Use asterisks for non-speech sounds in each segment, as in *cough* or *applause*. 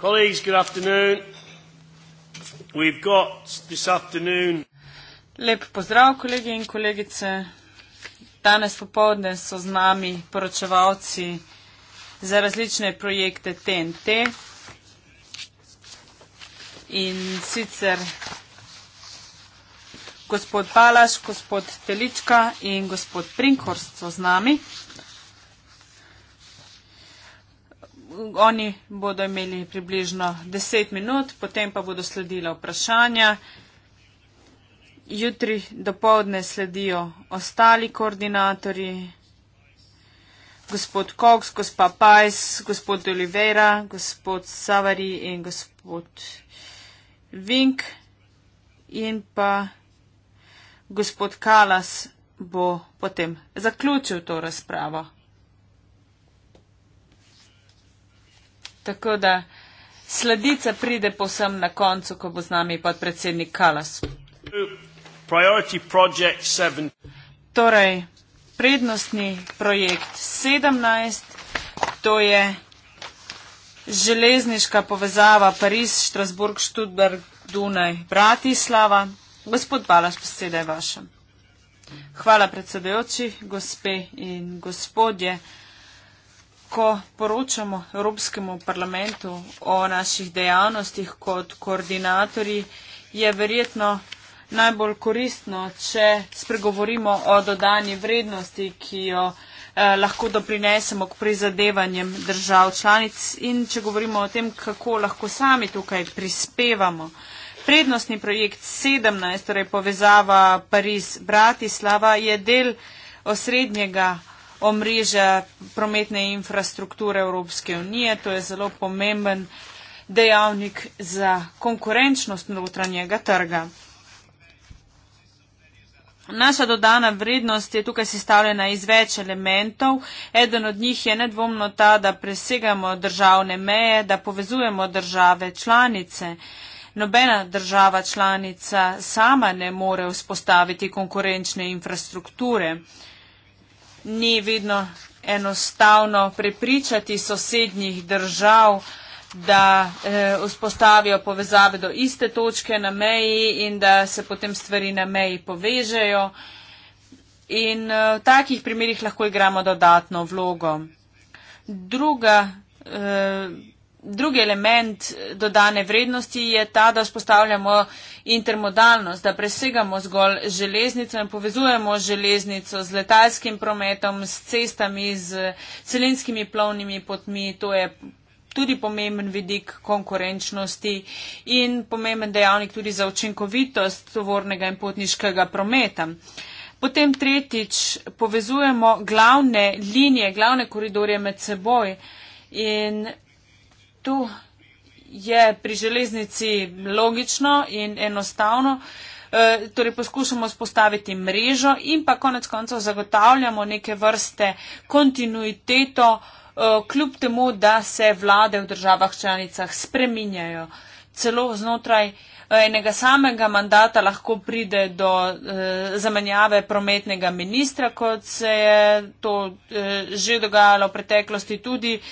Colleagues, good afternoon. We've got this afternoon. Lep pozdrav, kolegi in kolegice. Danes popovdne so z nami poročevalci za različne projekte TNT. In sicer gospod Balaš, gospod Telička in gospod Prinkhorst so z nami. oni bodo imeli približno 10 minut, potem pa bodo sledila vprašanja. Jutri do povdne sledijo ostali koordinatori, gospod Cox, gospa Pajs, gospod Oliveira, gospod Savari in gospod Vink in pa gospod Kalas bo potem zaključil to razpravo. Tako da sledica pride povsem na koncu, ko bo z nami podpredsednik Kalas. Torej, prednostni projekt 17, to je železniška povezava Pariz-Štrasburg-Študberg-Dunaj-Bratislava. Gospod Balaš, posedaj vašem. Hvala predsedujoči, gospe in gospodje ko poročamo Evropskemu parlamentu o naših dejavnostih kot koordinatorji, je verjetno najbolj koristno, če spregovorimo o dodani vrednosti, ki jo eh, lahko doprinesemo k prizadevanjem držav članic in če govorimo o tem, kako lahko sami tukaj prispevamo. Prednostni projekt 17, torej povezava Pariz-Bratislava, je del osrednjega omrežja prometne infrastrukture Evropske unije. To je zelo pomemben dejavnik za konkurenčnost notranjega trga. Naša dodana vrednost je tukaj sestavljena iz več elementov. Eden od njih je nedvomno ta, da presegamo državne meje, da povezujemo države članice. Nobena država članica sama ne more vzpostaviti konkurenčne infrastrukture ni vedno enostavno prepričati sosednjih držav, da eh, vzpostavijo povezave do iste točke na meji in da se potem stvari na meji povežejo. In eh, v takih primerjih lahko igramo dodatno vlogo. Druga eh, drugi element dodane vrednosti je ta, da spostavljamo intermodalnost, da presegamo zgolj železnico in povezujemo železnico z letalskim prometom, s cestami, z celinskimi plovnimi potmi. To je tudi pomemben vidik konkurenčnosti in pomemben dejavnik tudi za učinkovitost tovornega in potniškega prometa. Potem tretjič povezujemo glavne linije, glavne koridorje med seboj in tu je pri železnici logično in enostavno. E, torej poskušamo spostaviti mrežo in pa konec koncev zagotavljamo neke vrste kontinuiteto, e, kljub temu, da se vlade v državah članicah spreminjajo. Celo znotraj uh, enega samega mandata lahko pride do e, zamenjave prometnega ministra, kot se je to e, že dogajalo v preteklosti tudi e,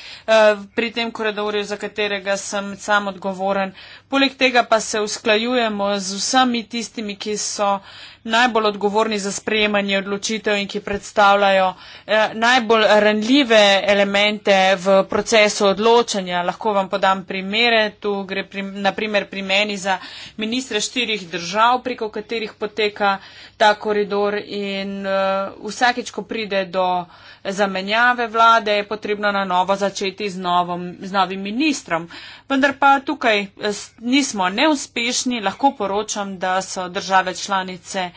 pri tem koridorju, za katerega sem sam odgovoren. Poleg tega pa se usklajujemo z vsemi tistimi, ki so najbolj odgovorni za sprejemanje odločitev in ki predstavljajo eh, najbolj ranljive elemente v procesu odločanja. Lahko vam podam primere. Tu gre pri, naprimer pri meni za eh, ministre štirih držav, preko katerih poteka ta koridor in eh, vsakeč, ko pride do zamenjave vlade, je potrebno na novo začeti z, novom, z novim ministrom. Vendar pa tukaj eh, nismo neuspešni, lahko poročam, da so države članice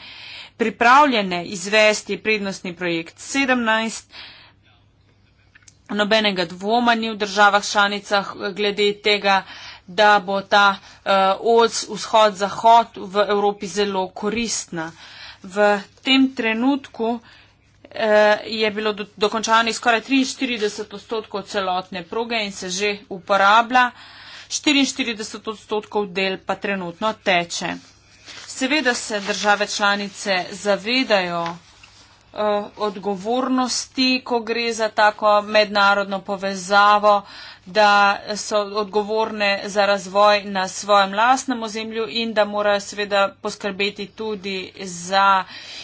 pripravljene izvesti prednostni projekt 17. Nobenega dvoma ni v državah članicah eh, glede tega da bo ta uh, eh, os vzhod-zahod v Evropi zelo koristna. V tem trenutku uh, je bilo do, dokončanih skoraj 43 odstotkov celotne proge in se že uporablja, 44 odstotkov del pa trenutno teče. Seveda se države članice zavedajo, Eh, odgovornosti, ko gre za tako mednarodno povezavo, da so odgovorne za razvoj na svojem lastnem ozemlju in da morajo seveda poskrbeti tudi za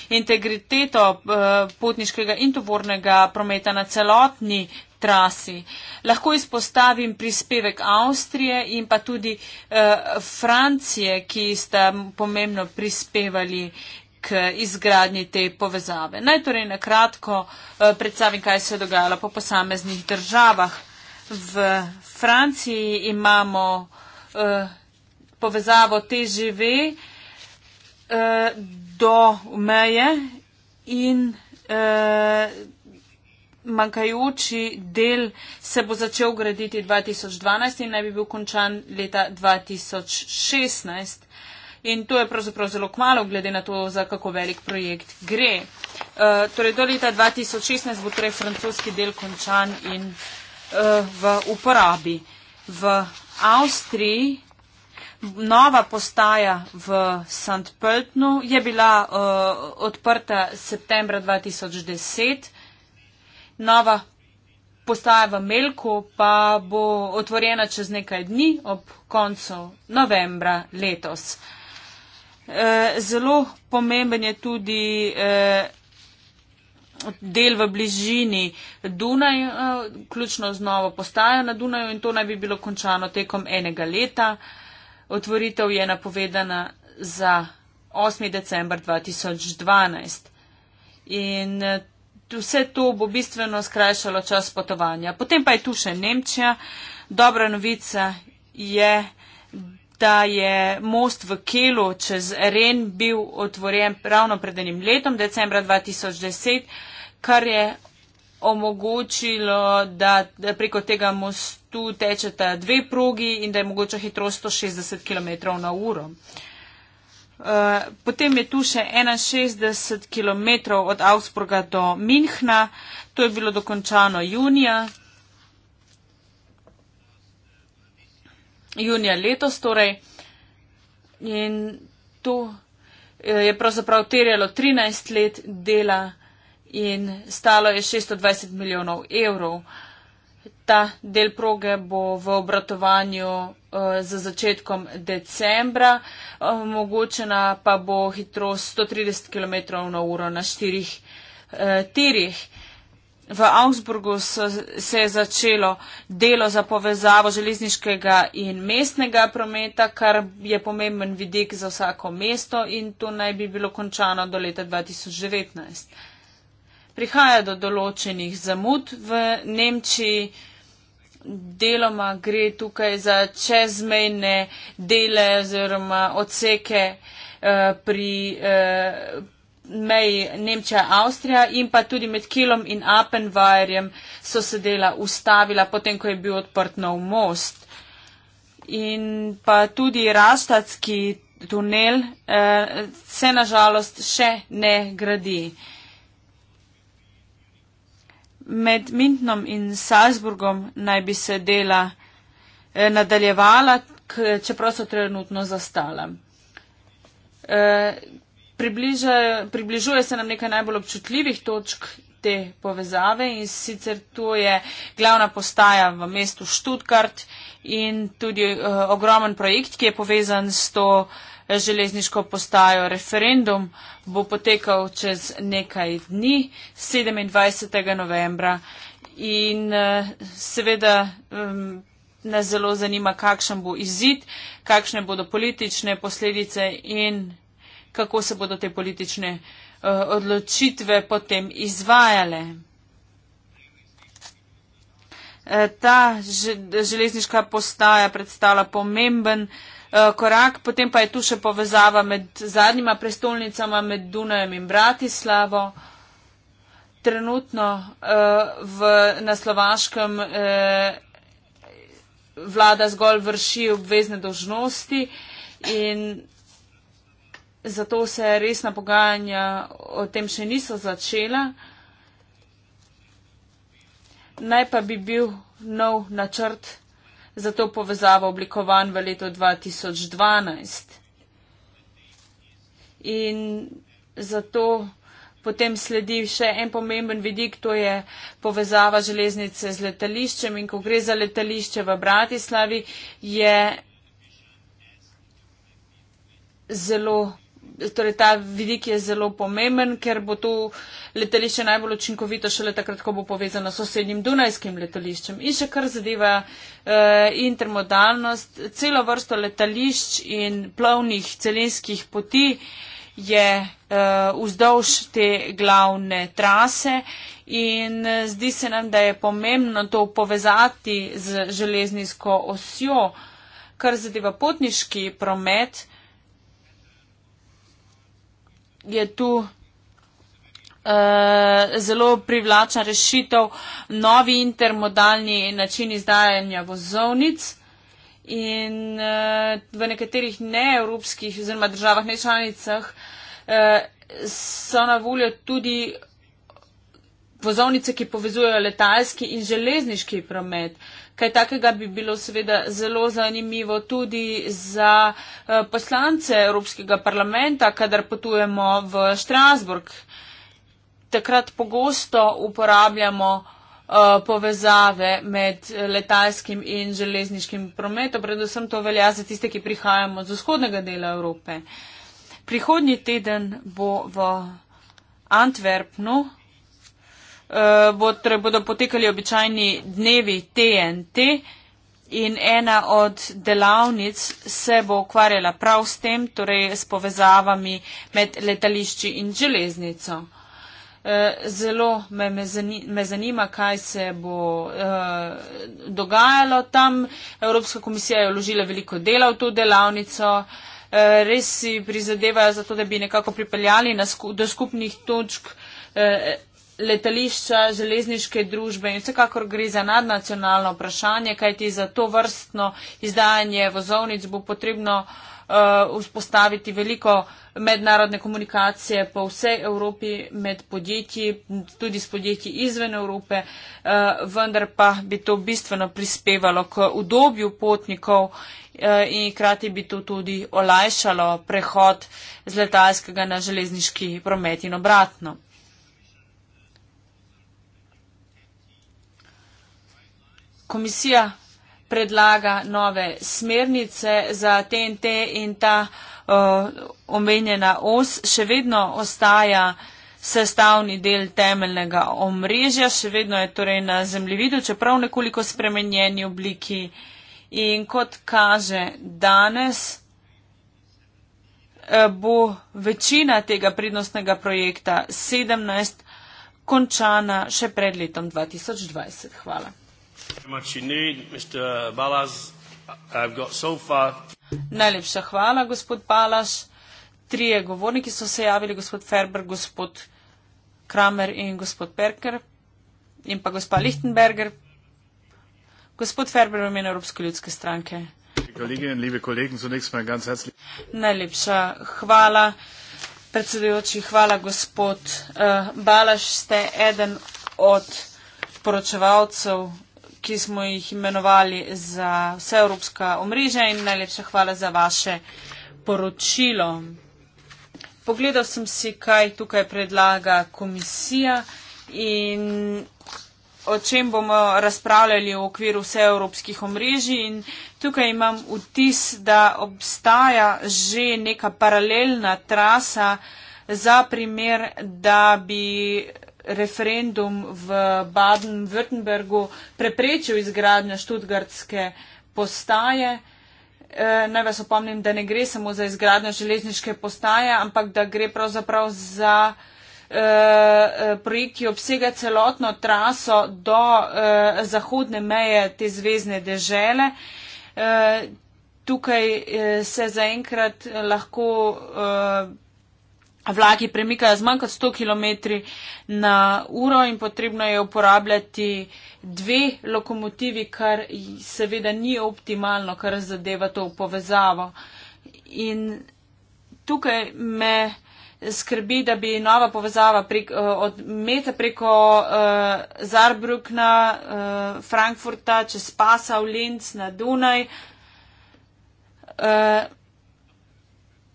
integriteto eh, potniškega in tovornega prometa na celotni trasi. Lahko izpostavim prispevek Avstrije in pa tudi eh, Francije, ki sta pomembno prispevali k izgradnji te povezave. Naj torej na kratko eh, predstavim, kaj se je dogajalo po posameznih državah. V Franciji imamo eh, povezavo TGV eh, do meje in manjkajoči del se bo začel graditi 2012 in naj bi bil končan leta 2016 in to je pravzaprav zelo kmalo, glede na to, za kako velik projekt gre. Uh, torej do leta 2016 bo torej francoski del končan in uh, v uporabi. V Avstriji nova postaja v St. Pöltnu je bila uh, odprta septembra 2010. Nova postaja v Melku pa bo otvorjena čez nekaj dni ob koncu novembra letos. Uh, Eh, zelo pomemben je tudi eh, del v bližini Dunaj, eh, ključno z novo postajo na Dunaju in to naj bi bilo končano tekom enega leta. Otvoritev je napovedana za 8. decembar 2012. In Vse to bo bistveno skrajšalo čas potovanja. Potem pa je tu še Nemčija. Dobra novica je, da je most v Kelu čez Ren bil otvorjen ravno pred enim letom, decembra 2010, kar je omogočilo, da, da preko tega mostu tečeta dve progi in da je mogoče hitrost 160 km na uro. Eh, potem je tu še 61 km od Augsburga do Minhna, to je bilo dokončano junija junija letos torej. In to eh, je pravzaprav terjalo 13 let dela in stalo je 620 milijonov evrov. Ta del proge bo v obratovanju uh, eh, za začetkom decembra, omogočena pa bo hitrost 130 km na uro na štirih uh, tirih. V Augsburgu so, se je začelo delo za povezavo železniškega in mestnega prometa, kar je pomemben vidik za vsako mesto in to naj bi bilo končano do leta 2019. Prihaja do določenih zamud v Nemčiji. Deloma gre tukaj za čezmejne dele oziroma odseke eh, pri. Eh, meji Nemčija-Avstrija in pa tudi med Kilom in Appenweierjem so se dela ustavila, potem ko je bil odprt nov most. In pa tudi Rastatski tunel eh, se nažalost še ne gradi. Med Mintnom in Salzburgom naj bi se dela eh, nadaljevala, k, čeprav so trenutno zastala. Eh, približuje se nam nekaj najbolj občutljivih točk te povezave in sicer to je glavna postaja v mestu Študkart in tudi uh, ogromen projekt, ki je povezan s to eh, železniško postajo. Referendum bo potekal čez nekaj dni, 27. novembra in uh, seveda um, nas zelo zanima, kakšen bo izid, kakšne bodo politične posledice in kako se bodo te politične eh, odločitve potem izvajale. Eh, ta železniška postaja predstavlja pomemben eh, korak, potem pa je tu še povezava med zadnjima prestolnicama, med Dunajem in Bratislavo. Trenutno v, na Slovaškem vlada zgolj vrši obvezne dožnosti in zato se resna pogajanja o tem še niso začela. Naj pa bi bil nov načrt za to povezavo oblikovan v letu 2012. In zato potem sledi še en pomemben vidik, to je povezava železnice z letališčem in ko gre za letališče v Bratislavi, je zelo torej ta vidik je zelo pomemben, ker bo to letališče najbolj učinkovito šele takrat, ko bo povezano s sosednjim Dunajskim letališčem. In še kar zadeva uh, intermodalnost, celo vrsto letališč in plovnih celinskih poti je uh, vzdolž te glavne trase in eh, zdi se nam, da je pomembno to povezati z železnisko osjo, kar zadeva potniški promet. Uh, je tu uh, zelo privlačna rešitev, novi intermodalni način izdajanja vozovnic. In uh, v nekaterih neevropskih oziroma državah, nečlanicah uh, so na voljo tudi vozovnice, ki povezujejo letalski in železniški promet. Uh, Kaj takega bi bilo seveda zelo zanimivo tudi za eh, poslance Evropskega parlamenta, kadar potujemo v Štrasburg. Takrat pogosto uporabljamo eh, povezave med eh, letalskim in železniškim prometom. Predvsem to velja za tiste, ki prihajamo z vzhodnega dela Evrope. Prihodnji teden bo v Antwerpnu. Eh, bodo potekali običajni dnevi TNT in ena od delavnic se bo ukvarjala prav s tem, torej s povezavami med letališči in železnico. Eh, zelo me, me zanima, kaj se bo eh, dogajalo tam. Evropska komisija je vložila veliko dela v to delavnico. Eh, res si prizadevajo za to, da bi nekako pripeljali sku, do skupnih točk eh, letališča, železniške družbe in vsekakor gre za nadnacionalno vprašanje, kajti za to vrstno izdajanje vozovnic bo potrebno uh, vzpostaviti veliko mednarodne komunikacije po vsej Evropi med podjetji, tudi s podjetji izven Evrope, uh, vendar pa bi to bistveno prispevalo k udobju potnikov uh, in krati bi to tudi olajšalo prehod z letalskega na železniški promet in obratno. komisija predlaga nove smernice za TNT in ta uh, omenjena os še vedno ostaja sestavni del temeljnega omrežja, še vedno je torej na zemljevidu, čeprav nekoliko spremenjeni obliki. In kot kaže danes, eh, bo večina tega pridnostnega projekta 17 končana še pred letom 2020. Hvala. Najlepša hvala, gospod Balaš. Trije govorniki so se javili, gospod Ferber, gospod Kramer in gospod Perker in pa gospa Lichtenberger. Gospod Ferber v imenu Evropske ljudske stranke. Najlepša hvala, predsedujoči, hvala, gospod uh, eh, Balaš, ste eden od poročevalcev ki smo jih imenovali za vse evropska omrežja in najlepša hvala za vaše poročilo. Pogledal sem si, kaj tukaj predlaga komisija in o čem bomo razpravljali v okviru vse evropskih omrežij. In tukaj imam vtis, da obstaja že neka paralelna trasa za primer, da bi referendum v Baden-Württembergu preprečil izgradnjo študgardske postaje. E, naj vas opomnim, da ne gre samo za izgradnjo železniške postaje, ampak da gre pravzaprav za e, e, projekt, ki obsega celotno traso do e, zahodne meje te zvezdne dežele. E, tukaj e, se zaenkrat lahko. E, vlaki premikajo z manj kot 100 km na uro in potrebno je uporabljati dve lokomotivi, kar seveda ni optimalno, kar zadeva to povezavo. In tukaj me skrbi, da bi nova povezava prek, eh, od Meta preko uh, eh, Zarbrukna, uh, eh, Frankfurta, čez Pasa v Linz na Dunaj. Uh,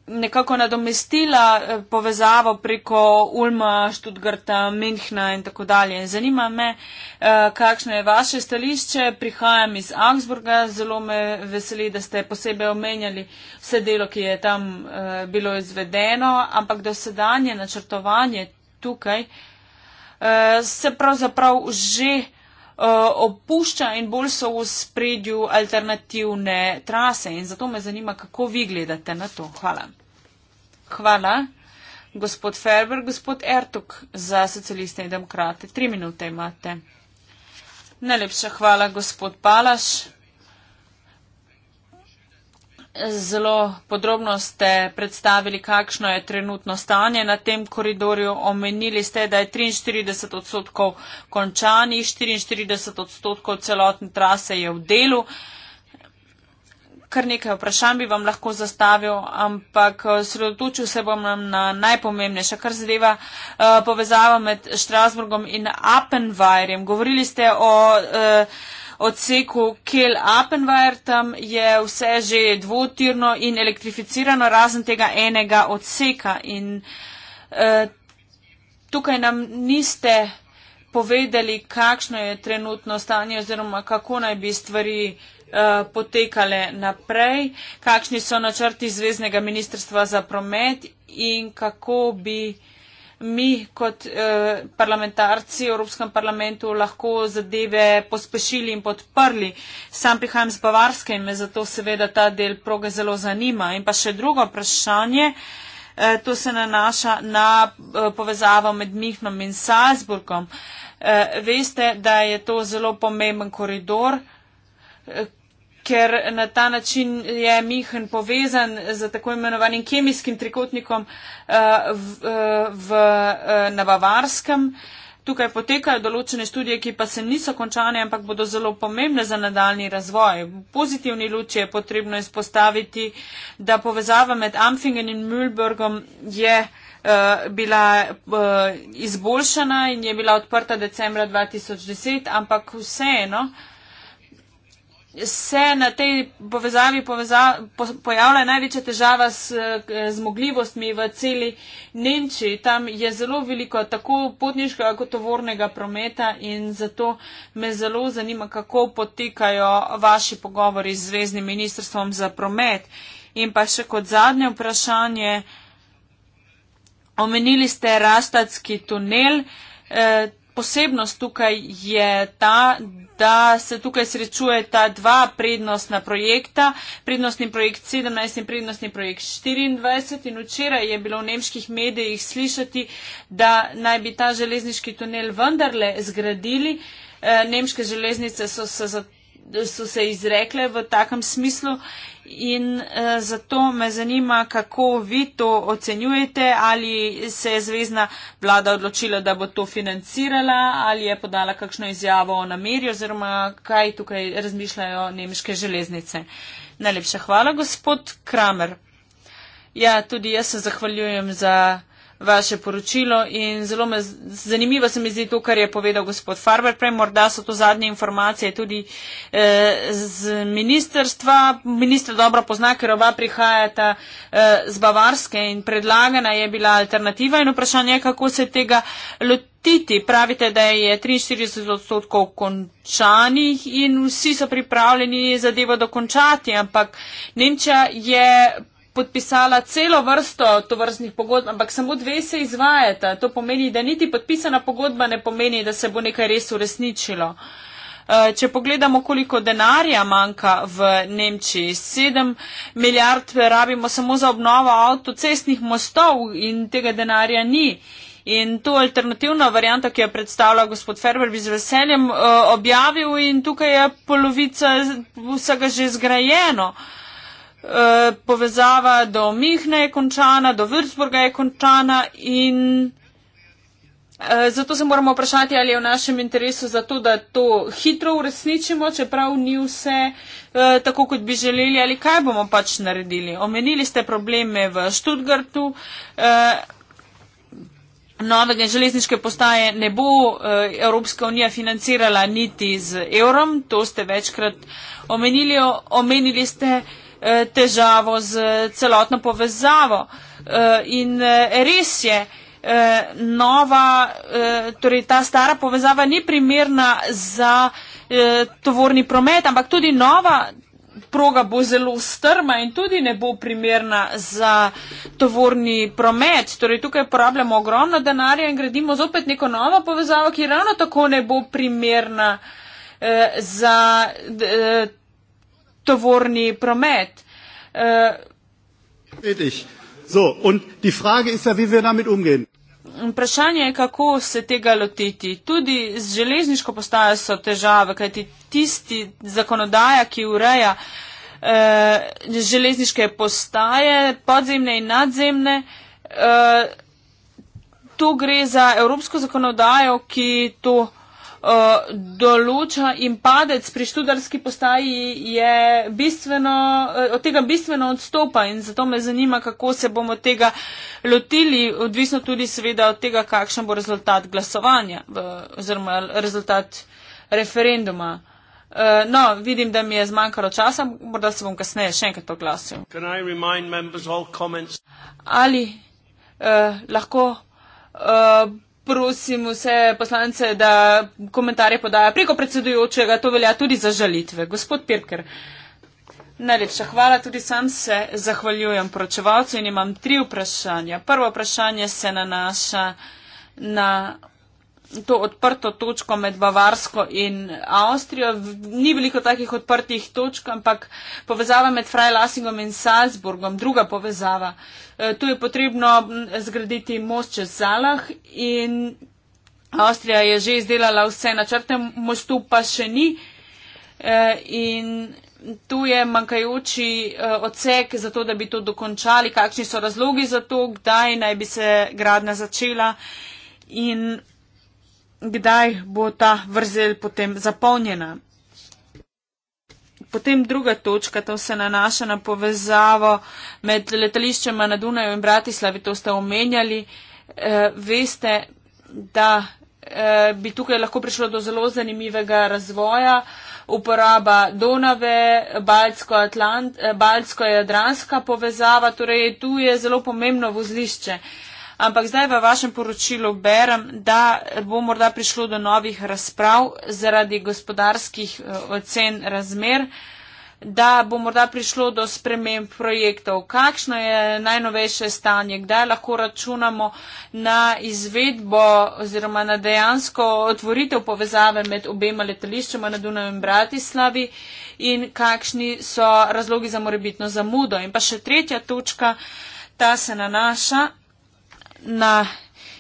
nekako nadomestila eh, povezavo preko Ulma, Študgarta, Minhna in tako dalje. Zanima me, eh, kakšno je vaše stališče. Prihajam iz Augsburga, zelo me veseli, da ste posebej omenjali vse delo, ki je tam eh, bilo izvedeno, ampak dosedanje načrtovanje tukaj se pravzaprav že. Eh, opušča in bolj so v spredju alternativne trase. In zato me zanima, kako vi gledate na to. Hvala. Hvala, gospod Ferber, gospod Ertuk za socialiste in demokrate. Tri minute imate. Najlepša hvala, gospod Palaš zelo podrobno ste predstavili, kakšno je trenutno stanje na tem koridorju. Omenili ste, da je 43 odstotkov končanih, 44 odstotkov celotne trase je v delu. Kar nekaj vprašanj bi vam lahko zastavil, ampak eh, sredotočil se bom na najpomembnejše, kar zadeva uh, povezavo med Štrasburgom in Appenweirjem. Govorili ste o. Uh, odseku Kiel-Appenweier, tam je vse že dvotirno in elektrificirano, razen tega enega odseka. In eh, tukaj nam niste povedali, kakšno je trenutno stanje oziroma kako naj bi stvari eh, potekale naprej, kakšni so načrti Zvezdnega ministrstva za promet in kako bi uh, mi kot eh, parlamentarci v Evropskem parlamentu lahko zadeve pospešili in podprli. Sam prihajam z Bavarske in me zato seveda ta del proge zelo zanima. In pa še drugo vprašanje, eh, to se nanaša na eh, povezavo med Mihnom in Salzburgom. Eh, veste, da je to zelo pomemben koridor. Eh, ker na ta način je Mihen povezan z tako imenovanim kemijskim trikotnikom eh, v, eh, v, eh, na Bavarskem. Tukaj potekajo določene študije, ki pa se niso končane, ampak bodo zelo pomembne za nadaljni razvoj. V pozitivni luči je potrebno izpostaviti, da povezava med Amfingen in Mühlbergom je bila izboljšana in je bila odprta decembra 2010, ampak vseeno se na tej povezavi poveza, po, pojavlja največja težava s eh, zmogljivostmi v celi Nemčiji. Tam je zelo veliko tako potniškega kot tovornega prometa in zato me zelo zanima, kako potekajo vaši pogovori z Zvezdnim ministrstvom za promet. In pa še kot zadnje vprašanje, omenili ste Rastatski tunel. Eh, posebnost tukaj je ta, da se tukaj srečuje ta dva prednostna projekta, prednostni projekt 17 in prednostni projekt 24. In včeraj je bilo v nemških medijih slišati, da naj bi ta železniški tunel vendarle zgradili. Eh, nemške železnice so se, so se izrekle v takem smislu In uh, zato me zanima, kako vi to ocenjujete, ali se je zvezdna vlada odločila, da bo to financirala, ali je podala kakšno izjavo o nameri oziroma kaj tukaj razmišljajo nemške železnice. Najlepša hvala, gospod Kramer. Ja, tudi jaz se zahvaljujem za vaše poročilo in zelo me zanimivo se mi zdi to, kar je povedal gospod Farber prej. Morda so to zadnje informacije tudi eh, z ministerstva. Ministr dobro pozna, ker oba prihajata eh, z Bavarske in predlagana je bila alternativa in vprašanje, kako se tega lotiti. Pravite, da je 43 odstotkov končanih in vsi so pripravljeni zadevo dokončati, ampak Nemčija je podpisala celo vrsto tovrstnih pogodb, ampak samo dve se izvajata. To pomeni, da niti podpisana pogodba ne pomeni, da se bo nekaj res uresničilo. Eh, če pogledamo, koliko denarja manjka v Nemčiji, 7 milijard rabimo samo za obnovo avtocestnih mostov in tega denarja ni. In to alternativno varianto, ki jo predstavlja gospod Ferber, bi z veseljem eh, objavil in tukaj je polovica vsega že zgrajeno. Uh, Eh, povezava do Mihne je končana, do Würzburga je končana in eh, zato se moramo vprašati, ali je v našem interesu za to, da to hitro uresničimo, čeprav ni vse eh, tako, kot bi želeli, ali kaj bomo pač naredili. Omenili ste probleme v Študgartu. Novega železniške postaje ne bo Evropska unija financirala niti z evrom, to ste večkrat omenili. Omenili ste uh, Eh, težavo z celotno povezavo. Eh, in eh, res je, nova, torej ta stara povezava ni primerna za tovorni promet, ampak tudi nova proga bo zelo strma in tudi ne bo primerna za tovorni promet. Torej tukaj porabljamo ogromno denarja in gradimo zopet neko novo povezavo, ki ravno tako ne bo primerna za tovorni promet tovorni promet. Uh, so, ja, vprašanje je, kako se tega lotiti. Tudi z železniško postajo so težave, kajti tisti zakonodaja, ki ureja uh, železniške postaje, podzemne in nadzemne, uh, eh, tu gre za evropsko zakonodajo, ki to. Eh, določa in padec pri študarski postaji je bistveno, eh, od tega bistveno odstopa in zato me zanima, kako se bomo tega lotili, odvisno tudi seveda od tega, kakšen bo rezultat glasovanja v, oziroma rezultat referenduma. Eh, no, vidim, da mi je zmanjkalo časa, morda se bom kasneje še enkrat oglasil. Ali uh, lahko uh, prosim vse poslance, da komentarje podajo preko predsedujočega, to velja tudi za žalitve. Gospod Pirker, najlepša hvala, tudi sam se zahvaljujem poročevalcu in imam tri vprašanja. Prvo vprašanje se nanaša na to odprto točko med Bavarsko in Avstrijo. Ni veliko takih odprtih točk, ampak povezava med Freilassingom in Salzburgom, druga povezava. E, tu je potrebno zgraditi most čez Zalah in Avstrija je že izdelala vse načrte, mostu pa še ni. E, in tu je manjkajoči e, odsek za to, da bi to dokončali, kakšni so razlogi za to, kdaj naj bi se gradna začela. In kdaj bo ta vrzel potem zapolnjena. Potem druga točka, to se nanaša na povezavo med letališčema na Dunaju in Bratislavi, to ste omenjali. E, veste, da e, bi tukaj lahko prišlo do zelo zanimivega razvoja, uporaba Donave, Baltsko-Jadranska eh, povezava, torej tu je zelo pomembno vozlišče. E, Ampak zdaj v vašem poročilu berem, da bo morda prišlo do novih razprav zaradi gospodarskih eh, ocen razmer, da bo morda prišlo do sprememb projektov. Kakšno je najnovejše stanje, kdaj lahko računamo na izvedbo oziroma na dejansko otvoritev povezave med obema letališčema na Dunaju in Bratislavi in kakšni so razlogi za morebitno zamudo. In pa še tretja točka, ta se nanaša na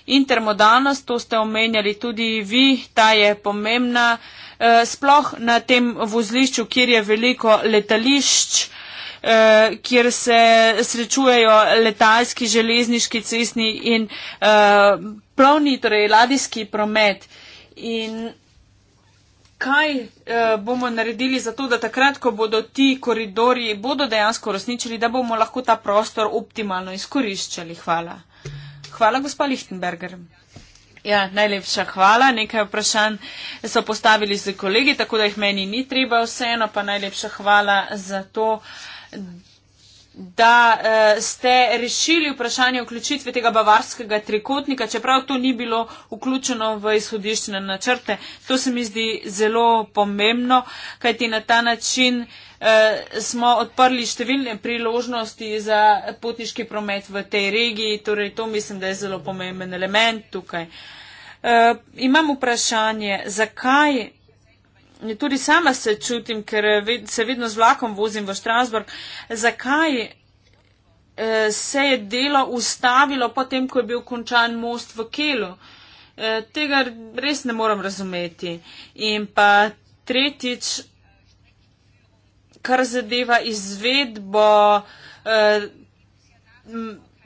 intermodalnost, to ste omenjali tudi vi, ta je pomembna, eh, sploh na tem vozlišču, kjer je veliko letališč, eh, kjer se srečujejo letalski, železniški, cestni in eh, plovni, torej ladijski promet. In kaj bomo naredili za to, da takrat, ko bodo ti koridori, bodo dejansko resničili, da bomo lahko ta prostor optimalno izkoriščali? Hvala. Hvala, gospod Lichtenberger. Ja, najlepša hvala. Nekaj vprašanj so postavili z kolegi, tako da jih meni ni treba vseeno, pa najlepša hvala za to da uh, ste rešili vprašanje vključitve tega bavarskega trikotnika, čeprav to ni bilo vključeno v izhodiščne načrte. To se mi zdi zelo pomembno, kajti na ta način uh, smo odprli številne priložnosti za potniški promet v tej regiji, torej to mislim, da je zelo pomemben element tukaj. Uh, imam vprašanje, zakaj tudi sama se čutim, ker se vedno z vlakom vozim v Štrasburg, zakaj eh, se je delo ustavilo potem, ko je bil končan most v Kelu. Eh, tega res ne moram razumeti. In pa tretjič, kar zadeva izvedbo eh,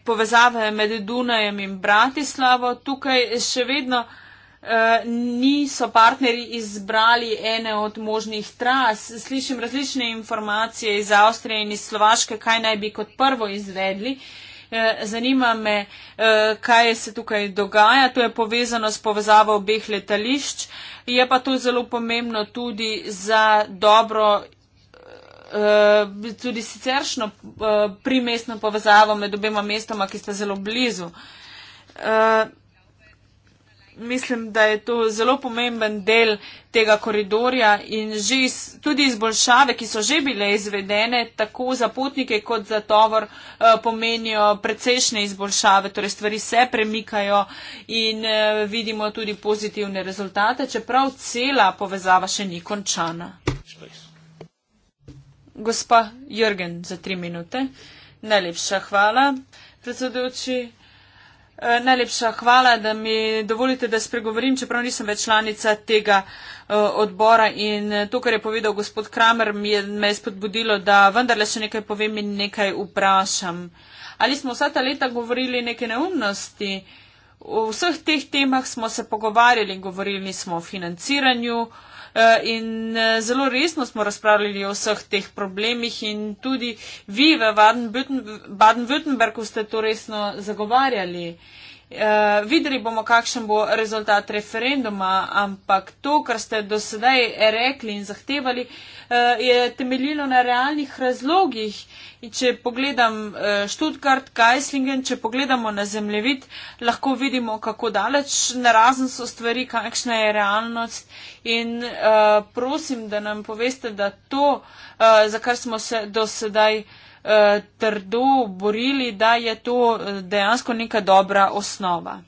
povezave med Dunajem in Bratislavo, tukaj še vedno. Eh, niso partnerji izbrali ene od možnih tras. Slišim različne informacije iz Avstrije in iz Slovaške, kaj naj bi kot prvo izvedli. Eh, zanima me, eh, kaj se tukaj dogaja. To je povezano s povezavo obeh letališč. Je pa to zelo pomembno tudi za dobro, tudi siceršno primestno povezavo med obema mestoma, ki sta zelo blizu mislim, da je to zelo pomemben del tega koridorja in že iz, tudi izboljšave, ki so že bile izvedene, tako za potnike kot za tovor, eh, pomenijo precejšnje izboljšave, torej stvari se premikajo in eh, vidimo tudi pozitivne rezultate, čeprav cela povezava še ni končana. Gospa Jürgen, za tri minute. Najlepša hvala, predsedujoči. Eh, najlepša hvala, da mi dovolite, da spregovorim, čeprav nisem več članica tega eh, odbora in eh, to, kar je povedal gospod Kramer, mi je, me je spodbudilo, da vendarle še nekaj povem in nekaj vprašam. Ali smo vsa ta leta govorili neke neumnosti? V vseh teh temah smo se pogovarjali, govorili smo o financiranju, uh, Eh, in eh, zelo resno smo razpravljali o vseh teh problemih in tudi vi v Baden-Württembergu ste to resno zagovarjali. Uh, videli bomo, kakšen bo rezultat referenduma, ampak to, kar ste do sedaj rekli in zahtevali, uh, je temeljilo na realnih razlogih. In če pogledam uh, eh, Študgard, Geislingen, če pogledamo na zemljevid, lahko vidimo, kako daleč narazen so stvari, kakšna je realnost. In uh, prosim, da nam poveste, da to, uh, za kar smo se do sedaj. Eh, trdo borili, da je to eh, dejansko neka dobra osnova.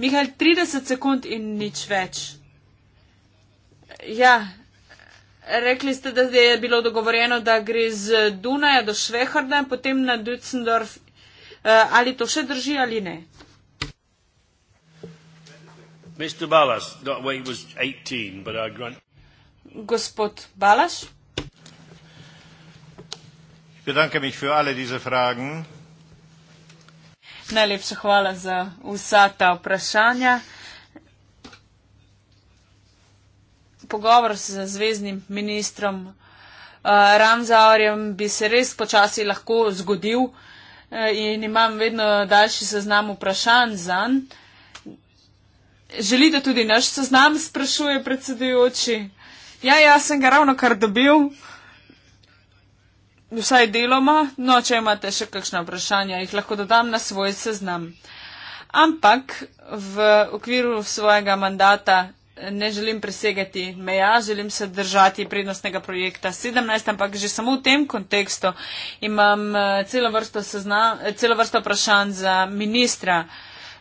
Mihaj, 30 sekund in nič več. Ja, rekli ste, da je bilo dogovorjeno, da gre z Dunaja do Šveharda in potem na Düsseldorf. Eh, ali to še drži ali ne? Ballas, not, well, 18, grand... Gospod Balaš? Ich bedanke mich für alle diese Fragen. Najlepša hvala za vsa ta vprašanja. Pogovor z zvezdnim ministrom uh, eh, Ramzaurjem bi se res počasi lahko zgodil uh, in imam vedno daljši seznam vprašanj za njim. Želite tudi naš seznam, sprašuje predsedujoči. Ja, jaz sem ga ravno kar dobil vsaj deloma, no, če imate še kakšna vprašanja, jih lahko dodam na svoj seznam. Ampak v okviru svojega mandata ne želim presegati meja, želim se držati prednostnega projekta 17, ampak že samo v tem kontekstu imam eh, celo vrsto, sezna, eh, celo vrsto vprašanj za ministra.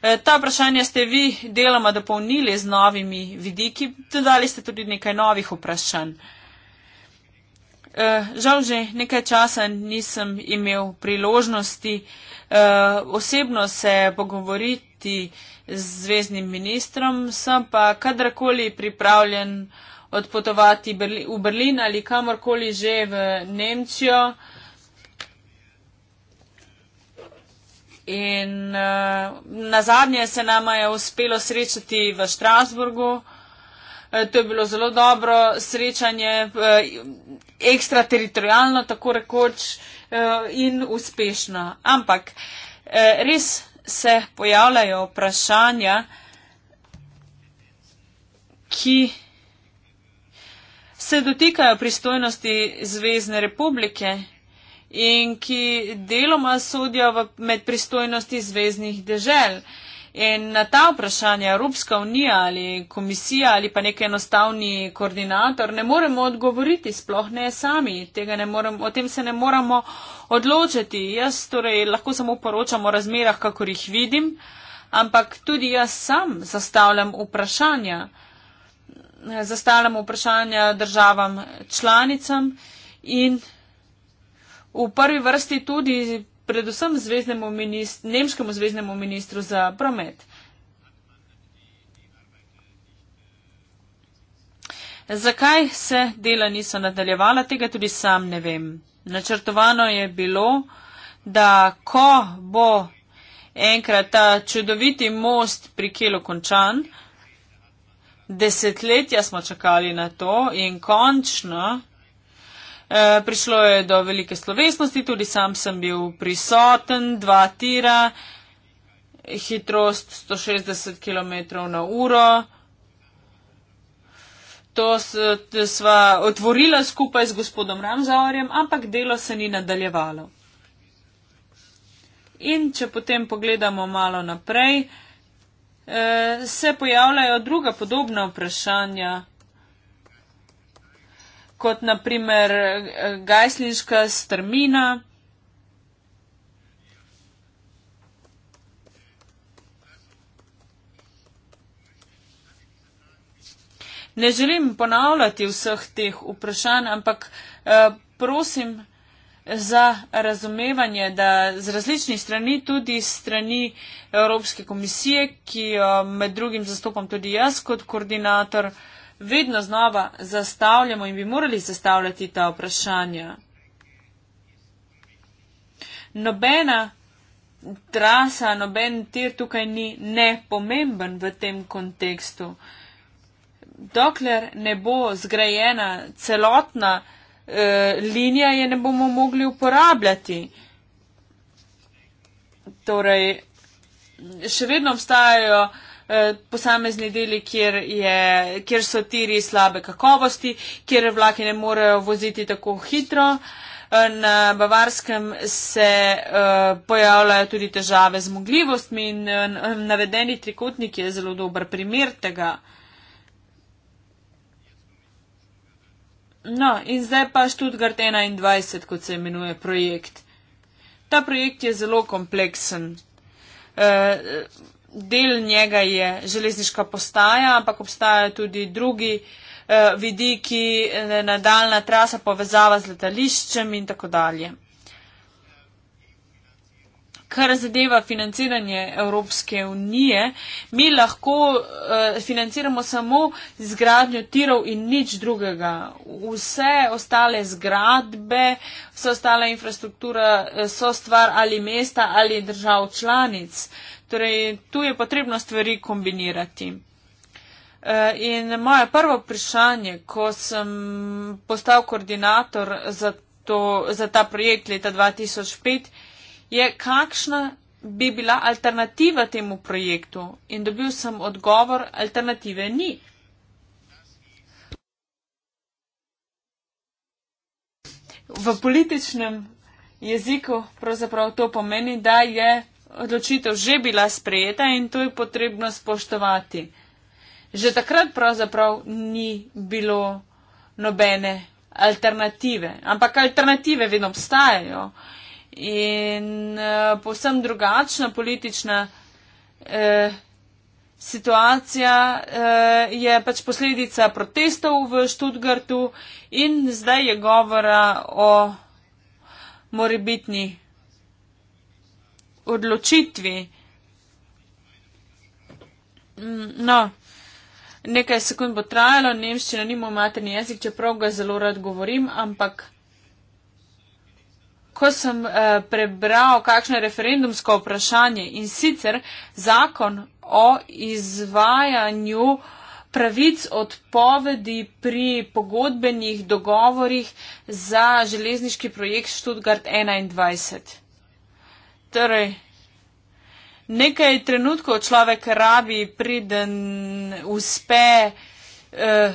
Eh, ta vprašanja ste vi deloma dopolnili z novimi vidiki, dodali ste tudi nekaj novih vprašanj. Eh, žal že nekaj časa nisem imel priložnosti eh, osebno se pogovoriti z zvezdnim ministrom, sem pa kadarkoli pripravljen odpotovati v Berlin ali kamorkoli že v Nemčijo. In uh, eh, na zadnje se nama je uspelo srečati v Štrasburgu, uh, Eh, to je bilo zelo dobro srečanje, eh, ekstrateritorijalno, tako rekoč, eh, in uspešno. Ampak res se pojavljajo vprašanja, ki se dotikajo pristojnosti Zvezdne republike in ki deloma sodijo med pristojnosti zvezdnih dežel. In na ta vprašanja Evropska unija ali komisija ali pa nek enostavni koordinator ne moremo odgovoriti, sploh ne sami, ne morem, o tem se ne moramo odločiti. Jaz torej lahko samo poročam o razmerah, kakor jih vidim, ampak tudi jaz sam zastavljam vprašanja, zastavljam vprašanja državam članicam in v prvi vrsti tudi predvsem zveznemu ministr, nemškemu zveznemu ministru za promet. Zakaj se dela niso nadaljevala, tega tudi sam ne vem. Načrtovano je bilo, da ko bo enkrat ta čudoviti most pri Kelu končan, desetletja smo čakali na to in končno Eh, prišlo je do velike slovesnosti, tudi sam sem bil prisoten, dva tira, hitrost 160 km na uro. To sva otvorila skupaj z gospodom Ramzaorjem, ampak delo se ni nadaljevalo. In če potem pogledamo malo naprej, eh, se pojavljajo druga podobna vprašanja kot naprimer eh, gajsliška strmina. Ne želim ponavljati vseh teh vprašanj, ampak eh, prosim za razumevanje, da z različnih strani, tudi strani Evropske komisije, ki jo med drugim zastopam tudi jaz kot koordinator, vedno znova zastavljamo in bi morali zastavljati ta vprašanja. Nobena trasa, noben tir tukaj ni nepomemben v tem kontekstu. Dokler ne bo zgrajena celotna eh, linija, je ne bomo mogli uporabljati. Torej, še vedno obstajajo eh, Eh, posamezni deli, kjer, je, kjer so tiri slabe kakovosti, kjer vlaki ne morejo voziti tako hitro. Eh, na Bavarskem se uh, pojavljajo tudi težave z mogljivostmi in uh, navedeni trikotnik je zelo dober primer tega. No, in zdaj pa Študgard 21, kot se imenuje projekt. Ta projekt je zelo kompleksen. Uh, del njega je železniška postaja, ampak obstajajo tudi drugi eh, vidiki, eh, nadaljna trasa, povezava z letališčem in tako dalje. Kar zadeva financiranje Evropske unije, mi lahko eh, financiramo samo izgradnjo tirov in nič drugega. Vse ostale zgradbe, vse ostale infrastruktura eh, so stvar ali mesta ali držav članic. Torej, tu je potrebno stvari kombinirati. Eh, in moje prvo vprašanje, ko sem postal koordinator za, to, za ta projekt leta 2005, je kakšna bi bila alternativa temu projektu. In dobil sem odgovor, alternative ni. V političnem jeziku pravzaprav to pomeni, da je odločitev že bila sprejeta in to je potrebno spoštovati. Že takrat pravzaprav ni bilo nobene alternative, ampak alternative vedno obstajajo. In uh, povsem drugačna politična uh, situacija uh, je pač posledica protestov v Študgartu in zdaj je govora o morebitni odločitvi. Mm, no, nekaj sekund bo trajalo, nemščina ni moj materni jezik, čeprav ga zelo rad govorim, ampak ko sem eh, prebral, kakšno je referendumsko vprašanje in sicer zakon o izvajanju pravic odpovedi pri pogodbenih dogovorih za železniški projekt Študgard 21. Torej, nekaj trenutkov človek rabi, preden uspe eh,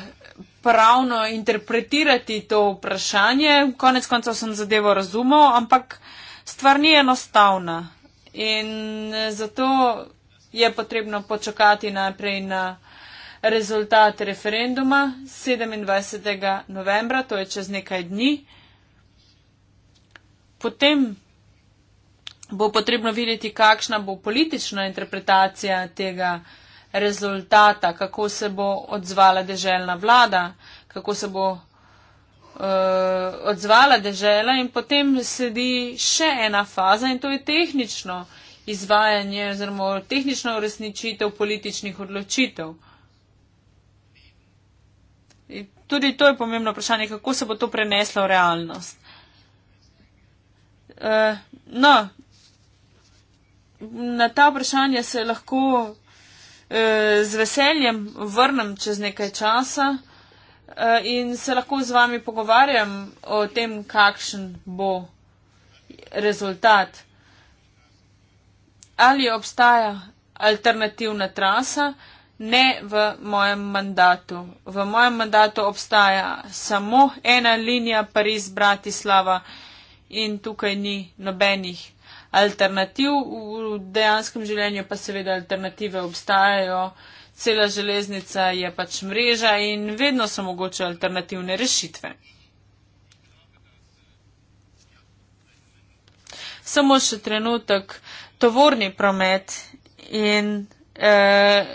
pravno interpretirati to vprašanje. Konec koncev sem zadevo razumel, ampak stvar ni enostavna. In eh, zato je potrebno počakati najprej na rezultat referenduma 27. novembra, to je čez nekaj dni. Potem bo potrebno videti, kakšna bo politična interpretacija tega rezultata, kako se bo odzvala deželna vlada, kako se bo uh, odzvala dežela in potem sledi še ena faza in to je tehnično izvajanje oziroma tehnična uresničitev političnih odločitev. In tudi to je pomembno vprašanje, kako se bo to preneslo v realnost. Uh, no, na ta vprašanja se lahko eh, z veseljem vrnem čez nekaj časa eh, in se lahko z vami pogovarjam o tem, kakšen bo rezultat. Ali obstaja alternativna trasa? Ne v mojem mandatu. V mojem mandatu obstaja samo ena linija Pariz-Bratislava in tukaj ni nobenih alternativ v dejanskem življenju, pa seveda alternative obstajajo. Cela železnica je pač mreža in vedno so mogoče alternativne rešitve. Samo še trenutek, tovorni promet in eh,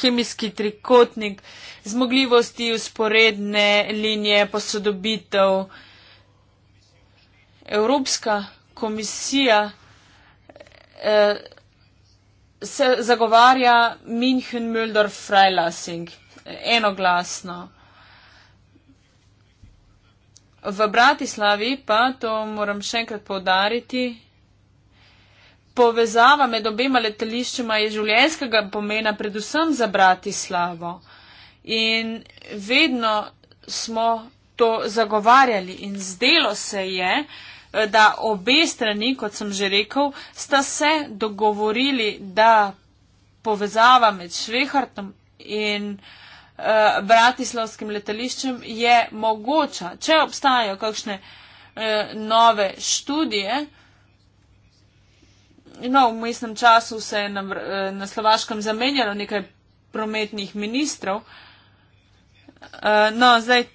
kemijski trikotnik, zmogljivosti usporedne linije posodobitev. Evropska komisija eh, se zagovarja München-Müldorf-Freilassing enoglasno. V Bratislavi pa, to moram še enkrat povdariti, povezava med obema letališčima je življenjskega pomena, predvsem za Bratislavo. In vedno smo to zagovarjali in zdelo se je, eh, da obe strani, kot sem že rekel, sta se dogovorili, da povezava med Švehartom in uh, Bratislavskim letališčem je mogoča. Če obstajajo kakšne uh, nove študije, no, v mislim času se je na, uh, na Slovaškem zamenjalo nekaj prometnih ministrov, uh, no, zdaj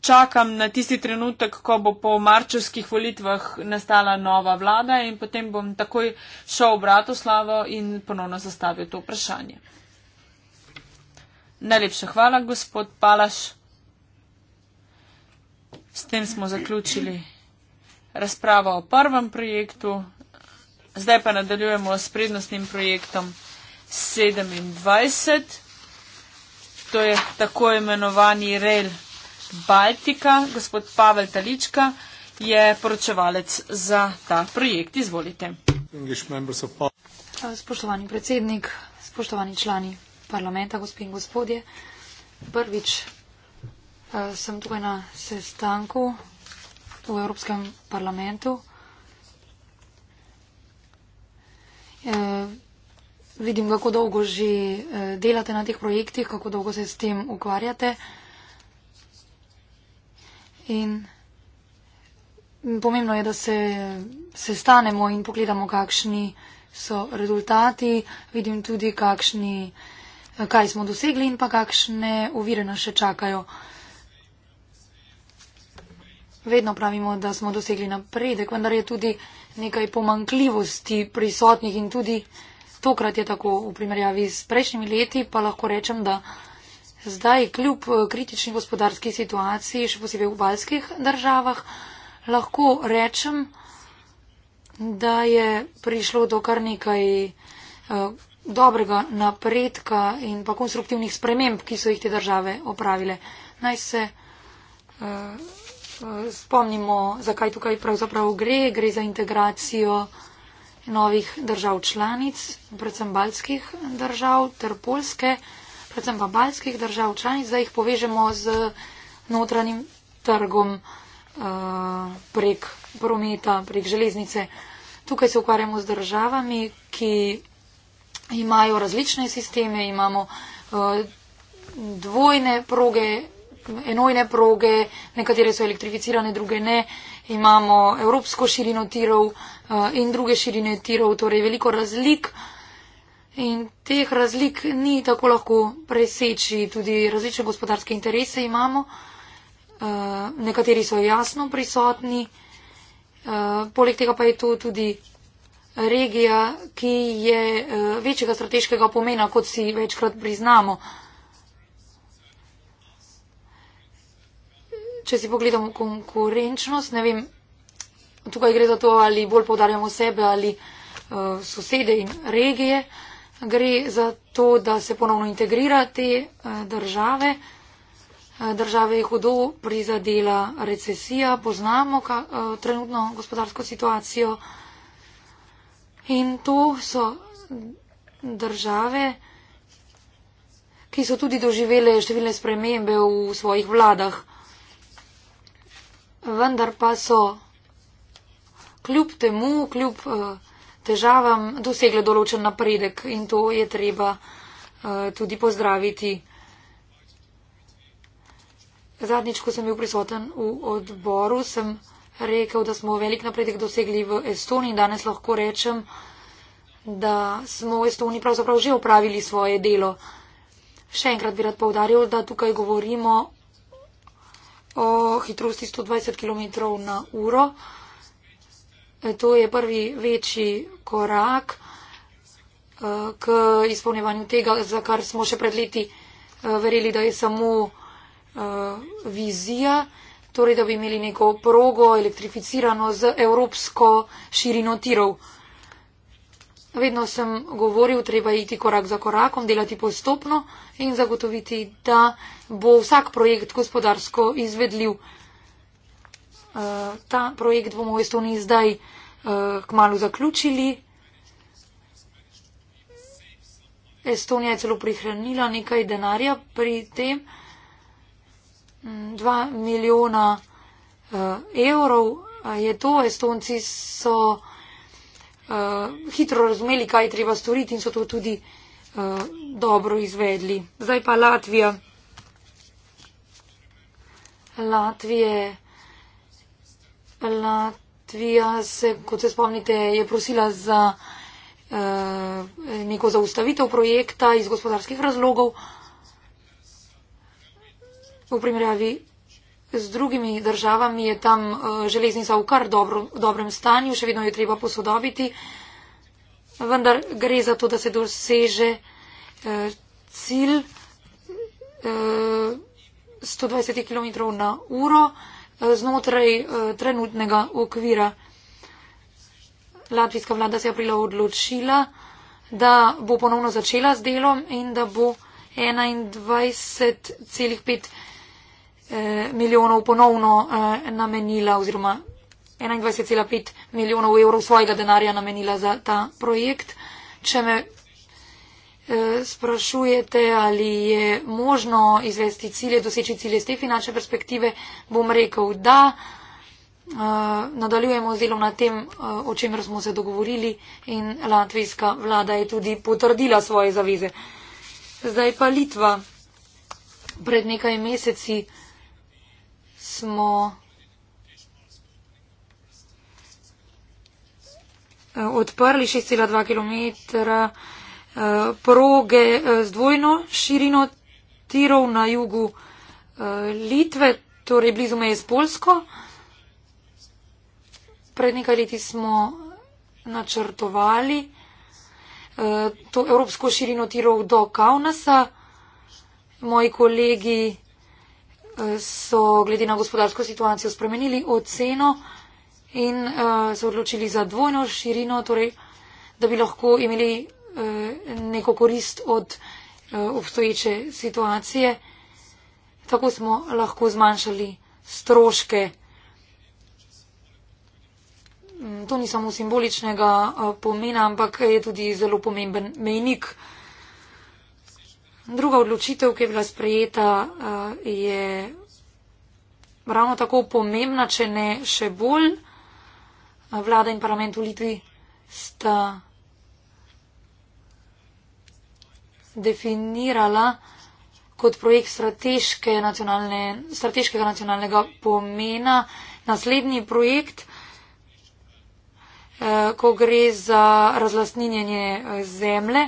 čakam na tisti trenutek, ko bo po marčevskih volitvah nastala nova vlada in potem bom takoj šel v Bratoslavo in ponovno zastavil to vprašanje. Najlepša hvala, gospod Palaš. S tem smo zaključili razpravo o prvem projektu. Zdaj pa nadaljujemo s prednostnim projektom 27. To je tako imenovani rel Baltika, gospod Pavel Talička, je poročevalec za ta projekt. Izvolite. Spoštovani predsednik, spoštovani člani parlamenta, gospod in gospodje. Prvič sem tukaj na sestanku v Evropskem parlamentu. E, vidim, kako dolgo že e, delate na teh projektih, kako dolgo se s tem ukvarjate. In pomembno je, da se sestanemo in pogledamo, kakšni so rezultati. Vidim tudi, kakšni, kaj smo dosegli in pa kakšne ovire nas še čakajo. Vedno pravimo, da smo dosegli napredek, vendar je tudi nekaj pomankljivosti prisotnih in tudi tokrat je tako v primerjavi s prejšnjimi leti, pa lahko rečem, da zdaj kljub eh, kritični gospodarski situaciji, še posebej v valskih državah, lahko rečem, da je prišlo do kar nekaj eh, dobrega napredka in pa konstruktivnih sprememb, ki so jih te države opravile. Naj se eh, spomnimo, zakaj tukaj pravzaprav gre. Gre za integracijo novih držav članic, predvsem baltskih držav ter polske predvsem pa balskih držav članic, da jih povežemo z notranjim trgom eh, prek prometa, prek železnice. Tukaj se ukvarjamo z državami, ki imajo različne sisteme, imamo eh, dvojne proge, enojne proge, nekatere so elektrificirane, druge ne, imamo evropsko širino tirov eh, in druge širine tirov, torej veliko razlik. In teh razlik ni tako lahko preseči. Tudi različne gospodarske interese imamo. Uh, nekateri so jasno prisotni. Uh, poleg tega pa je to tudi regija, ki je uh, večjega strateškega pomena, kot si večkrat priznamo. Če si pogledamo konkurenčnost, ne vem, tukaj gre za to, ali bolj povdarjamo sebe ali uh, sosede in regije. Uh, gre za to, da se ponovno integrira te eh, države. Eh, države je hudo prizadela recesija, poznamo ka, eh, trenutno gospodarsko situacijo in to so države, ki so tudi doživele številne spremembe v svojih vladah. Vendar pa so kljub temu, kljub. Uh, težavam, dosegle določen napredek in to je treba uh, tudi pozdraviti. Zadnjič, ko sem bil prisoten v odboru, sem rekel, da smo velik napredek dosegli v Estoniji. Danes lahko rečem, da smo v Estoniji pravzaprav že upravili svoje delo. Še enkrat bi rad povdaril, da tukaj govorimo o hitrosti 120 km na uro. To je prvi večji korak eh, k izpolnjevanju tega, za kar smo še pred leti eh, verjeli, da je samo eh, vizija, torej da bi imeli neko progo elektrificirano z evropsko širino tirov. Vedno sem govoril, treba iti korak za korakom, delati postopno in zagotoviti, da bo vsak projekt gospodarsko izvedljiv ta projekt bomo v Estoniji zdaj eh, kmalo zaključili. Estonija je celo prihranila nekaj denarja pri tem. 2 mm, milijona eh, evrov je to. Estonci so eh, hitro razumeli, kaj treba storiti in so to tudi dobro izvedli. Zdaj pa Latvija. Latvije. Latvije. Latvija se, kot se spomnite, je prosila za eh, neko zaustavitev projekta iz gospodarskih razlogov v primerjavi. Z drugimi državami je tam eh, železnica v kar dobro, dobrem stanju, še vedno jo treba posodobiti, vendar gre za to, da se doseže eh, cilj eh, 120 km na uro. Eh, znotraj eh, trenutnega okvira. Latvijska vlada se je aprila odločila, da bo ponovno začela z delom in da bo 21,5 eh, milijonov ponovno namenila oziroma 21,5 milijonov evrov svojega denarja namenila za ta projekt. Če me Eh, sprašujete, ali je možno izvesti cilje, doseči cilje z te finančne perspektive, bom rekel, da eh, nadaljujemo z delom na tem, eh, o čemer smo se dogovorili in latvijska vlada je tudi potrdila svoje zaveze. Zdaj pa Litva. Pred nekaj meseci smo odprli 6,2 km Eh, proge eh, z dvojno širino tirov na jugu eh, Litve, torej blizu meje s Polsko. Pred nekaj leti smo načrtovali to evropsko širino tirov do Kaunasa. Moji kolegi so glede na gospodarsko situacijo spremenili oceno in se odločili za dvojno širino, torej da bi lahko imeli Eh, neko korist od eh, obstoječe situacije. Tako smo lahko zmanjšali stroške. Mm, to ni samo simboličnega eh, pomena, ampak je tudi zelo pomemben mejnik. Druga odločitev, ki je bila sprejeta, je ravno tako pomembna, če ne še bolj. Vlada in parlament v Litvi sta definirala kot projekt strateške nacionalne, strateškega nacionalnega pomena. Naslednji projekt, eh, ko gre za razlastninjenje eh, zemlje,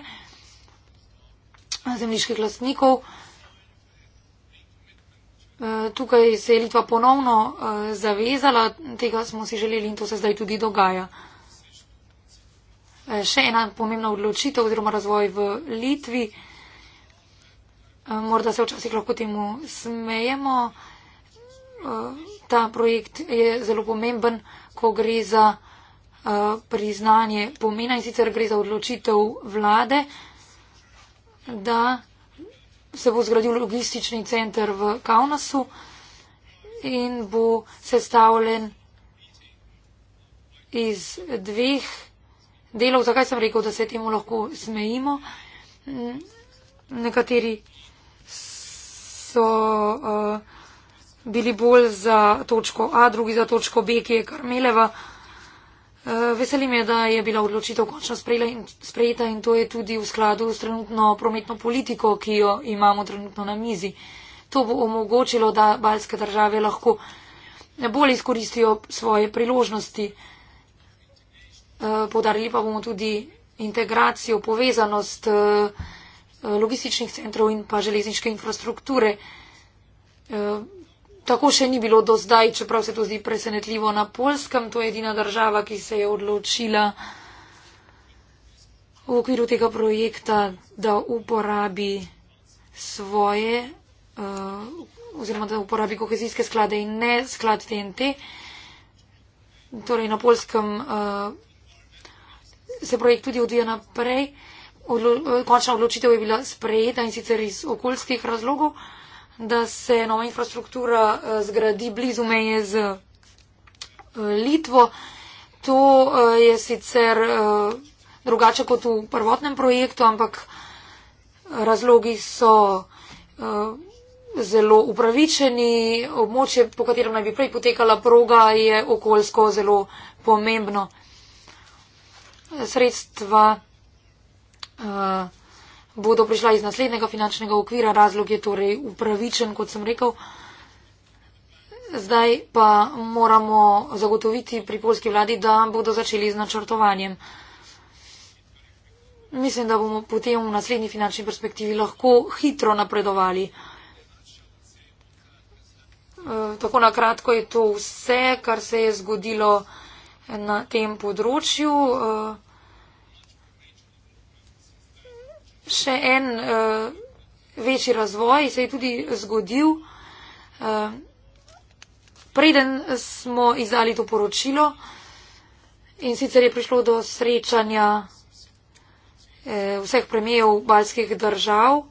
zemljiških lastnikov. Eh, tukaj se je Litva ponovno zavezala, tega smo si želeli in to se zdaj tudi dogaja. Eh, še ena pomembna odločitev oziroma razvoj v Litvi. Eh, morda se včasih lahko temu smejemo. Eh, ta projekt je zelo pomemben, ko gre za priznanje pomena in sicer gre za odločitev vlade, da se bo zgradil logistični center v Kaunasu in bo sestavljen iz dveh delov, zakaj sem rekel, da se temu lahko smejimo. Nekateri so uh, bili bolj za točko A, drugi za točko B, ki je Karmeleva. Uh, veseli me, da je bila odločitev končno in, sprejeta in to je tudi v skladu s trenutno prometno politiko, ki jo imamo trenutno na mizi. To bo omogočilo, da balske države lahko bolj izkoristijo svoje priložnosti. Uh, Eh, Podarili pa bomo tudi integracijo, povezanost eh, eh, logističnih centrov in pa železniške infrastrukture. Tako še ni bilo do zdaj, čeprav se to zdi presenetljivo na Polskem. To je edina država, ki se je odločila v okviru tega projekta, da uporabi svoje oziroma da uporabi kohezijske sklade in ne sklad TNT. Torej na Polskem se projekt tudi odvija naprej. Odlo, končna odločitev je bila sprejeta in sicer iz okoljskih razlogov, da se nova infrastruktura eh, zgradi blizu meje z eh, Litvo. To eh, je sicer drugače kot v prvotnem projektu, ampak razlogi so zelo upravičeni. Območje, po katerem naj bi prej potekala proga, je okoljsko zelo pomembno sredstva uh, bodo prišla iz naslednjega finančnega okvira, razlog je torej upravičen, kot sem rekel. Zdaj pa moramo zagotoviti pri polski vladi, da bodo začeli z načrtovanjem. Mislim, da bomo potem v naslednji finančni perspektivi lahko hitro napredovali. E, tako na kratko je to vse, kar se je zgodilo na tem področju. Eh, še en eh, večji razvoj se je tudi zgodil. Eh, preden smo izdali to poročilo in sicer je prišlo do srečanja vseh premijev balskih držav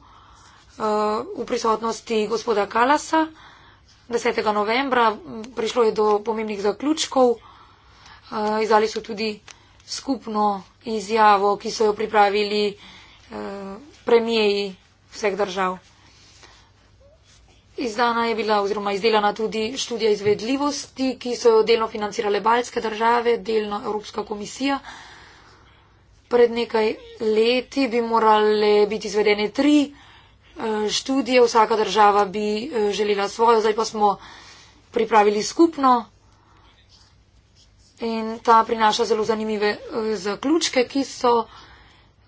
v prisotnosti gospoda Kalasa 10. novembra, prišlo je do pomembnih zaključkov izdali so tudi skupno izjavo, ki so jo pripravili e, premijeji vseh držav. Izdana je bila oziroma izdelana tudi študija izvedljivosti, ki so jo delno financirale baljske države, delno Evropska komisija. Pred nekaj leti bi morale biti izvedene tri e, študije, vsaka država bi e, želela svojo, zdaj pa smo pripravili skupno in ta prinaša zelo zanimive eh, zaključke, ki so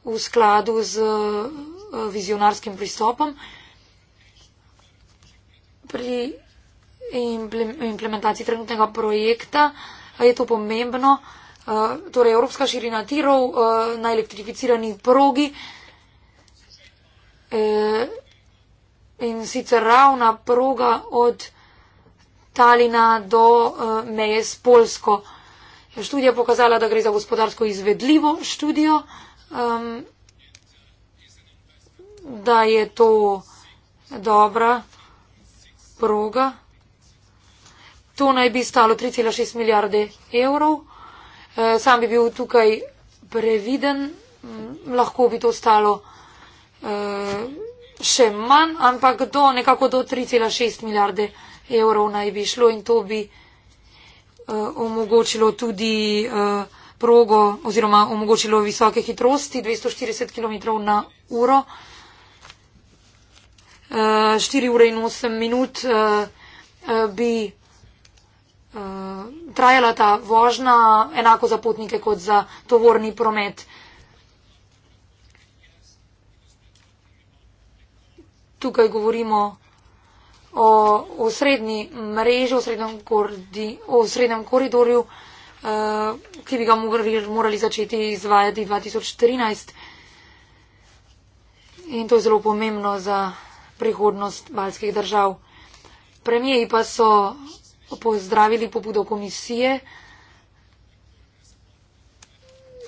v skladu z eh, vizionarskim pristopom pri implementaciji trenutnega projekta. Eh, je to pomembno, torej evropska širina tirov na elektrificirani progi in sicer ravna proga od Talina do meje s Polsko študija pokazala, da gre za gospodarsko izvedljivo študijo, um, da je to dobra proga. To naj bi stalo 3,6 milijarde evrov. Eh, sam bi bil tukaj previden, mm, lahko bi to stalo eh, še manj, ampak do nekako do 3,6 milijarde evrov naj bi šlo in to bi. Eh, omogočilo tudi eh, progo oziroma omogočilo visoke hitrosti 240 km na uro. 4 eh, ure in 8 minut bi trajala ta vožnja enako za potnike kot za tovorni promet. Tukaj govorimo o o osrednji mreži, o srednjem koridorju, uh, ki bi ga morali začeti izvajati 2013. In to je zelo pomembno za prihodnost balskih držav. Premijeji pa so pozdravili pobudo komisije,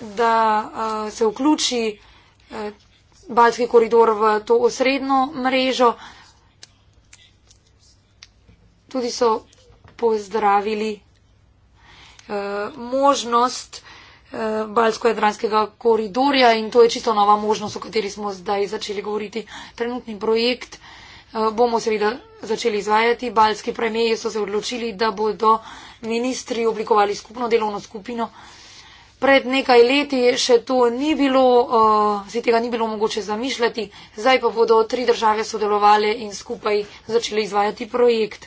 da uh, se vključi uh, eh, balski koridor v to osrednjo mrežo tudi so pozdravili e, možnost e, Balsko-Jadranskega koridorja in to je čisto nova možnost, o kateri smo zdaj začeli govoriti. Trenutni projekt e, bomo seveda začeli izvajati. Balski premije so se odločili, da bodo ministri oblikovali skupno delovno skupino. Pred nekaj leti še to ni bilo, uh, si tega ni bilo mogoče zamišljati, zdaj pa bodo tri države sodelovali in skupaj začeli izvajati projekt.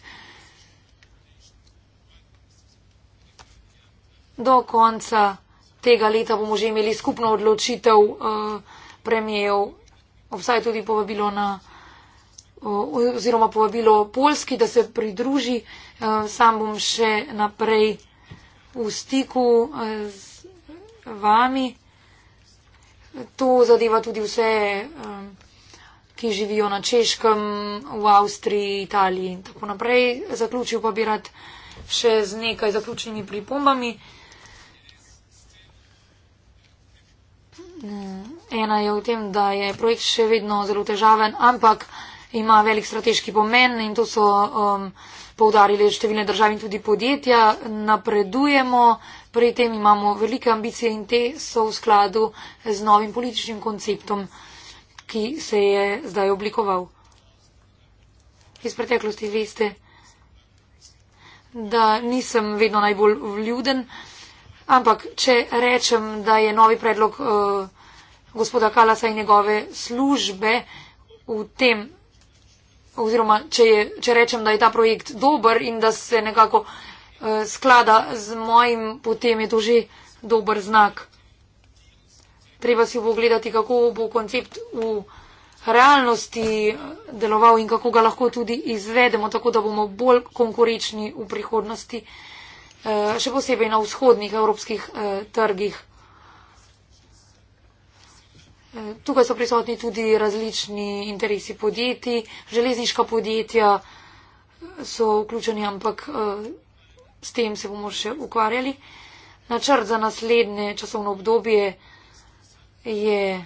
do konca tega leta bomo že imeli skupno odločitev uh, premijev, obstaja tudi povabilo na eh, oziroma povabilo Polski, da se pridruži. Eh, sam bom še naprej v stiku z vami. To zadeva tudi vse, ki živijo na Češkem, v Avstriji, Italiji in tako naprej. Zaključil pa bi rad še z nekaj zaključnimi pripombami. Ena je v tem, da je projekt še vedno zelo težaven, ampak ima velik strateški pomen in to so um, poudarili številne države in tudi podjetja. Napredujemo, pri tem imamo velike ambicije in te so v skladu z novim političnim konceptom, ki se je zdaj oblikoval. Iz preteklosti veste, da nisem vedno najbolj vljuden. Ampak, če rečem, da je novi predlog uh, gospoda Kalasa in njegove službe v tem, oziroma če, je, če rečem, da je ta projekt dober in da se nekako uh, sklada z mojim, potem je to že dober znak. Treba si pogledati, kako bo koncept v realnosti eh, deloval in kako ga lahko tudi izvedemo, tako da bomo bolj konkurečni v prihodnosti. Eh, še posebej na vzhodnih evropskih eh, trgih. Eh, tukaj so prisotni tudi različni interesi podjetij, železniška podjetja so vključeni, ampak s tem se bomo še ukvarjali. Načrt za naslednje časovno obdobje je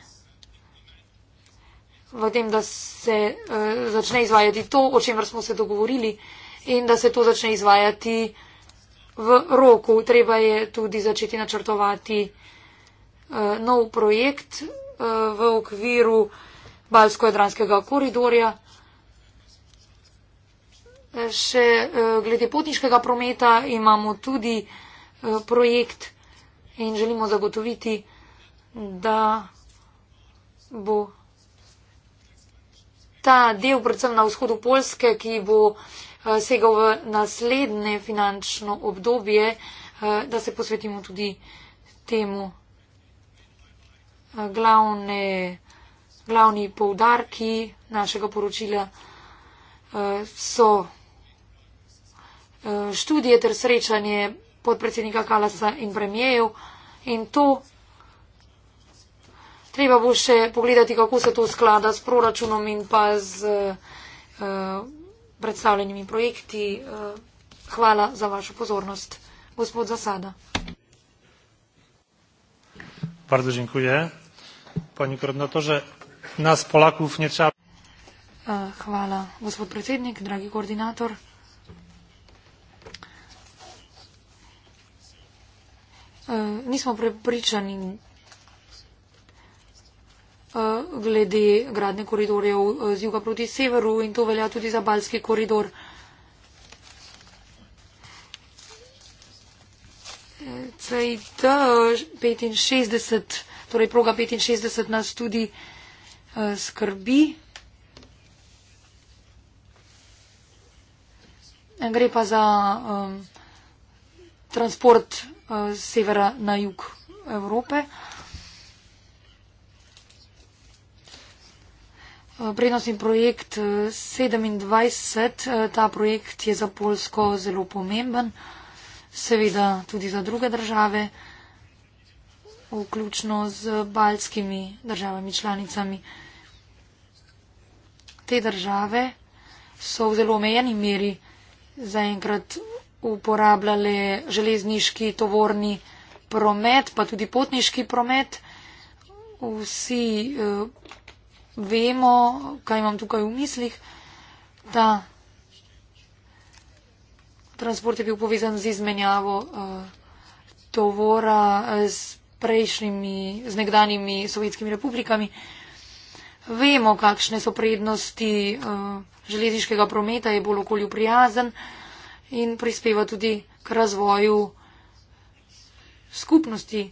v tem, da se začne izvajati to, o čemer smo se dogovorili in da se to začne izvajati v roku. Treba je tudi začeti načrtovati uh, nov projekt uh, v okviru Balsko-Jadranskega koridorja. Eh, še uh, glede potniškega prometa imamo tudi uh, projekt in želimo zagotoviti, da bo. Ta del, predvsem na vzhodu Polske, ki bo uh, Eh, segel v naslednje finančno obdobje, eh, da se posvetimo tudi temu. Eh, glavne, glavni poudarki našega poročila so študije ter srečanje podpredsednika Kalasa in premijejev in to treba bo še pogledati, kako se to sklada s proračunom in pa z uh, predstavljenimi projekti. Eh, hvala za vašo pozornost. Gospod Zasada. Bardzo dziękuję. Pani koordynatorze, nas Polaków nie trzeba. Eh, hvala, gospod predsednik, dragi koordinator. Eh, nismo prepričani, glede gradne koridorjev e, z juga proti severu in to velja tudi za Balski koridor. CIT 65, torej proga 65 nas tudi e, skrbi. Gre pa za um, transport uh, severa na jug Evrope. Uh, Eh, prednostni projekt 27. Eh, eh, ta projekt je za Polsko zelo pomemben, seveda tudi za druge države, vključno z baljskimi državami članicami. Te države so v zelo omejeni meri zaenkrat uporabljale železniški tovorni promet, pa tudi potniški promet. Vsi vemo, kaj imam tukaj v mislih, da transport je bil povezan z izmenjavo uh, tovora z eh, prejšnjimi, z nekdanjimi sovjetskimi republikami. Vemo, kakšne so prednosti uh, železniškega prometa, je bolj okolju prijazen in prispeva tudi k razvoju skupnosti.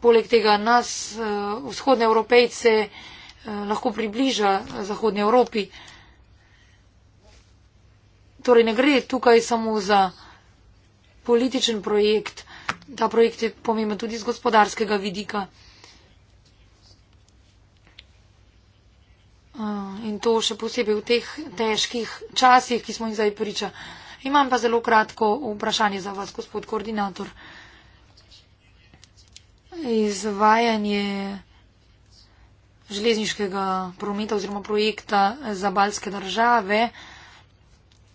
Poleg tega nas, uh, vzhodne evropejce, uh, Eh, lahko približa eh, Zahodnji Evropi. Torej ne gre tukaj samo za političen projekt, ta projekt je pomemben tudi z gospodarskega vidika. Eh, in to še posebej v teh težkih časih, ki smo jih zdaj priča. Imam pa zelo kratko vprašanje za vas, gospod koordinator. Izvajanje železniškega prometa oziroma projekta za balske države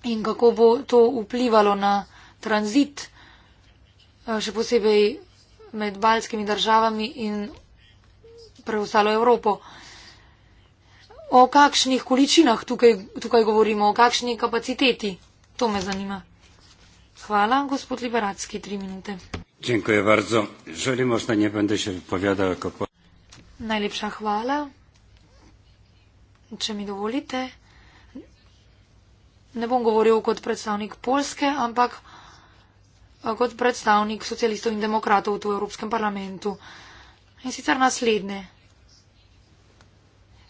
in kako bo to vplivalo na tranzit, eh, še posebej med balskimi državami in preostalo Evropo. O kakšnih količinah tukaj, tukaj govorimo, o kakšni kapaciteti, to me zanima. Hvala, gospod Liberacki, tri minute. Dziękuję bardzo. Jeżeli można, nie będę się wypowiadał jako... Najlepša hvala. Če mi dovolite, ne bom govoril kot predstavnik Polske, ampak eh, kot predstavnik socialistov in demokratov tu v Evropskem parlamentu. In sicer naslednje.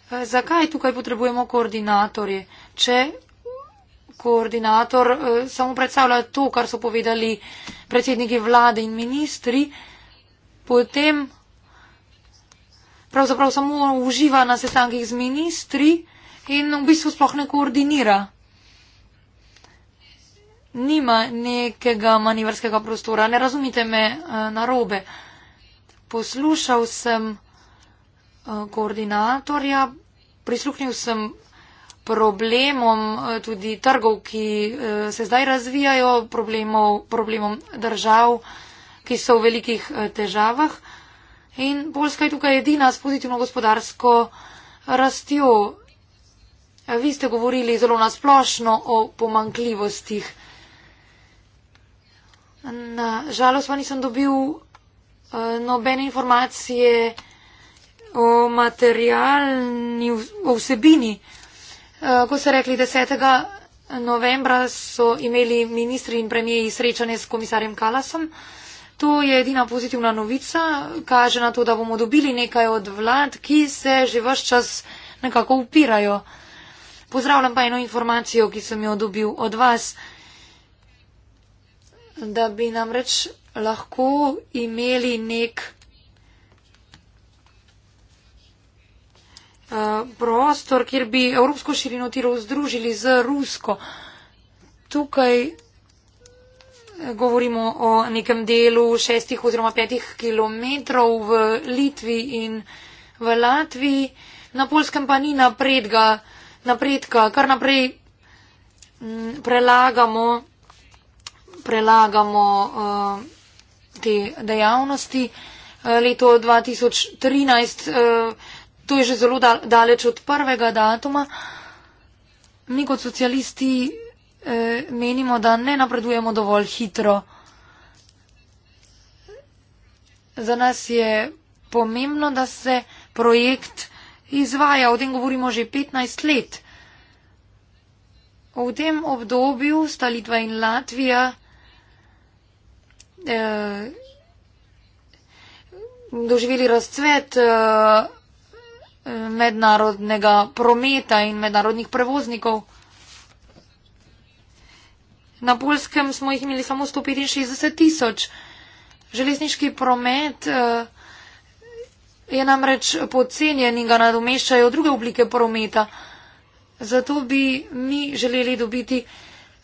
Eh, zakaj tukaj potrebujemo koordinatorje? Če koordinator eh, samo predstavlja to, kar so povedali predsedniki vlade in ministri, potem pravzaprav samo uživa na sestankih z ministri in v bistvu sploh ne koordinira. Nima nekega manevrskega prostora. Ne razumite me eh, narobe. Poslušal sem eh, koordinatorja, prisluhnil sem problemom eh, tudi trgov, ki se zdaj razvijajo, problemom držav, ki so v velikih težavah. In Poljska je tukaj edina s pozitivno gospodarsko rastjo. Vi ste govorili zelo nasplošno o pomankljivostih. Na žalost pa nisem dobil eh, nobene informacije o materialni vsebini. Eh, ko ste rekli 10. novembra, so imeli ministri in premijeji srečanje s komisarjem Kalasom to je edina pozitivna novica, kaže na to, da bomo dobili nekaj od vlad, ki se že vaš čas nekako upirajo. Pozdravljam pa eno informacijo, ki sem jo dobil od vas, da bi namreč lahko imeli nek uh, prostor, kjer bi evropsko širino tirov združili z rusko. Tukaj govorimo o nekem delu šestih oziroma petih kilometrov v Litvi in v Latviji. Na polskem pa ni napredka, napredka kar naprej m, mm, prelagamo, prelagamo uh, te dejavnosti. Eh, leto 2013, eh, to je že zelo daleč od prvega datuma. Mi kot socialisti Eh, menimo, da ne napredujemo dovolj hitro. Za nas je pomembno, da se projekt izvaja. O tem govorimo že 15 let. V tem obdobju sta Litva in Latvija eh, doživeli razcvet eh, eh mednarodnega prometa in mednarodnih prevoznikov. Na Poljskem smo jih imeli samo 165 tisoč. Železniški promet eh, je namreč podcenjen in ga nadomeščajo druge oblike prometa. Zato bi mi želeli dobiti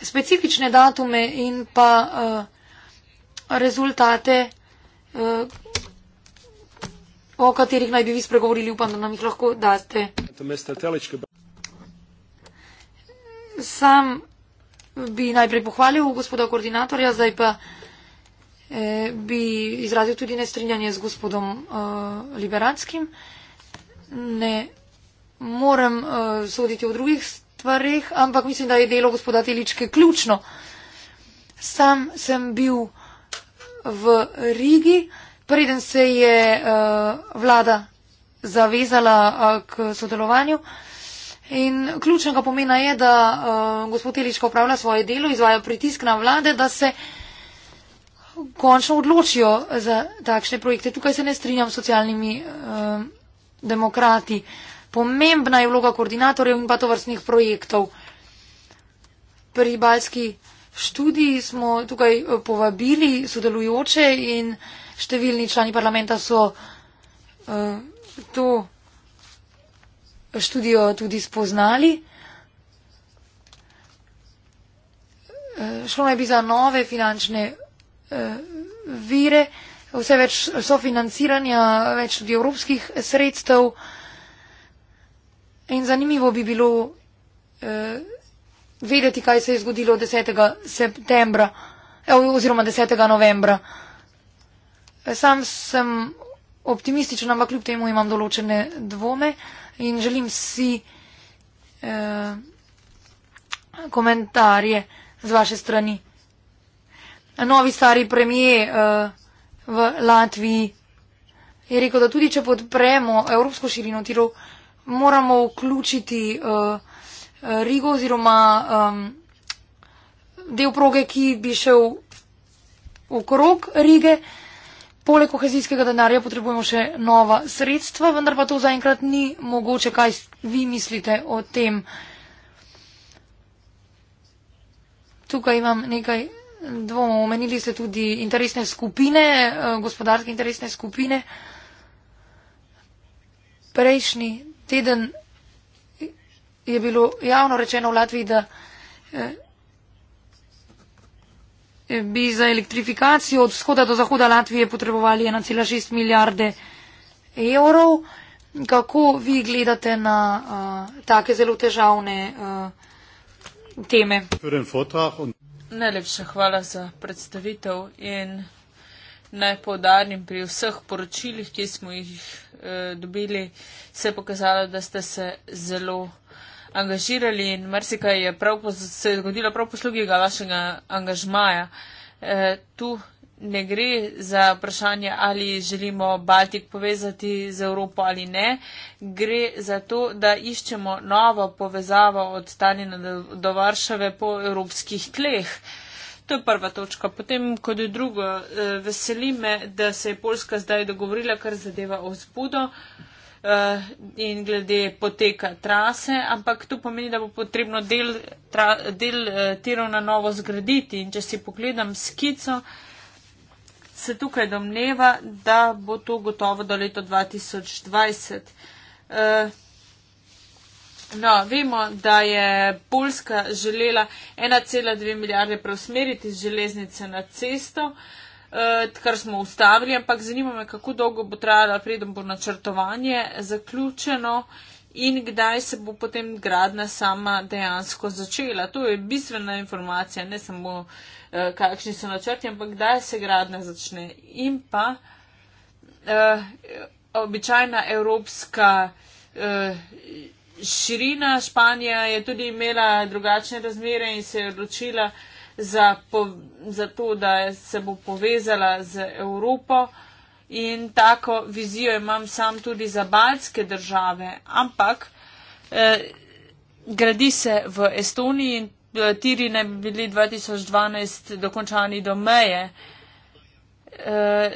specifične datume in pa eh, rezultate, eh, o katerih naj bi vi spregovorili. Upam, da nam jih lahko date. Sam bi najprej pohvalil gospoda koordinatorja, zdaj pa eh, bi izrazil tudi nestrinjanje z gospodom uh, liberanskim. Ne morem uh, soditi o drugih stvarih, ampak mislim, da je delo gospoda Teličke ključno. Sam sem bil v Rigi, preden se je uh, vlada zavezala uh, k sodelovanju. Uh, In ključnega pomena je, da uh, gospod Teliško upravlja svoje delo, izvaja pritisk na vlade, da se končno odločijo za takšne projekte. Tukaj se ne strinjam s socialnimi uh, demokrati. Pomembna je vloga koordinatorjev in pa tovrstnih projektov. Pri Balski študiji smo tukaj eh, povabili sodelujoče in številni člani parlamenta so uh, to študijo tudi spoznali. Šlo naj bi za nove finančne eh, vire, vse več sofinanciranja, več tudi evropskih sredstev. In zanimivo bi bilo eh, vedeti, kaj se je zgodilo 10. septembra eh, oziroma 10. novembra. Sam sem optimističen, ampak kljub temu imam določene dvome in želim si eh, komentarje z vaše strani. Novi stari premije eh, v Latviji je rekel, da tudi če podpremo evropsko širino tirov, moramo vključiti eh, Rigo oziroma eh, del proge, ki bi šel okrog Rige. Poleg kohezijskega denarja potrebujemo še nova sredstva, vendar pa to zaenkrat ni mogoče, kaj vi mislite o tem. Tukaj imam nekaj dvomov. Omenili ste tudi interesne skupine, eh, gospodarske interesne skupine. Prejšnji teden je bilo javno rečeno v Latviji, da. Eh, bi za elektrifikacijo od vzhoda do zahoda Latvije potrebovali 1,6 milijarde evrov. Kako vi gledate na uh, take zelo težavne uh, teme? Najlepša hvala za predstavitev in naj povdarim pri vseh poročilih, ki smo jih uh, dobili, se je pokazalo, da ste se zelo angažirali in marsikaj je prav se je zgodilo prav poslugi ga vašega angažmaja. E, tu ne gre za vprašanje, ali želimo Baltik povezati z Evropo ali ne. Gre za to, da iščemo novo povezavo od Stalina do Varšave po evropskih tleh. To je prva točka. Potem, kot je drugo, e, veseli me, da se je Poljska zdaj dogovorila, kar zadeva ospudo. Uh, Eh, in glede poteka trase, ampak to pomeni, da bo potrebno del, tra, del eh, tirov na novo zgraditi. In če si pogledam skico, se tukaj domneva, da bo to gotovo do leta 2020. Eh, no, vemo, da je Poljska želela 1,2 milijarde preusmeriti z železnice na cesto. Uh, Eh, kar smo ustavili, ampak zanima me, kako dolgo bo trajala, preden bo načrtovanje zaključeno in kdaj se bo potem gradna sama dejansko začela. To je bistvena informacija, ne samo eh, kakšni so načrti, ampak kdaj se gradna začne. In pa eh, običajna evropska eh, širina Španija je tudi imela drugačne razmere in se je odločila, za, po, za to, da se bo povezala z Evropo in tako vizijo imam sam tudi za balske države, ampak eh, gradi se v Estoniji in eh, tiri ne bi bili 2012 dokončani do meje. Eh,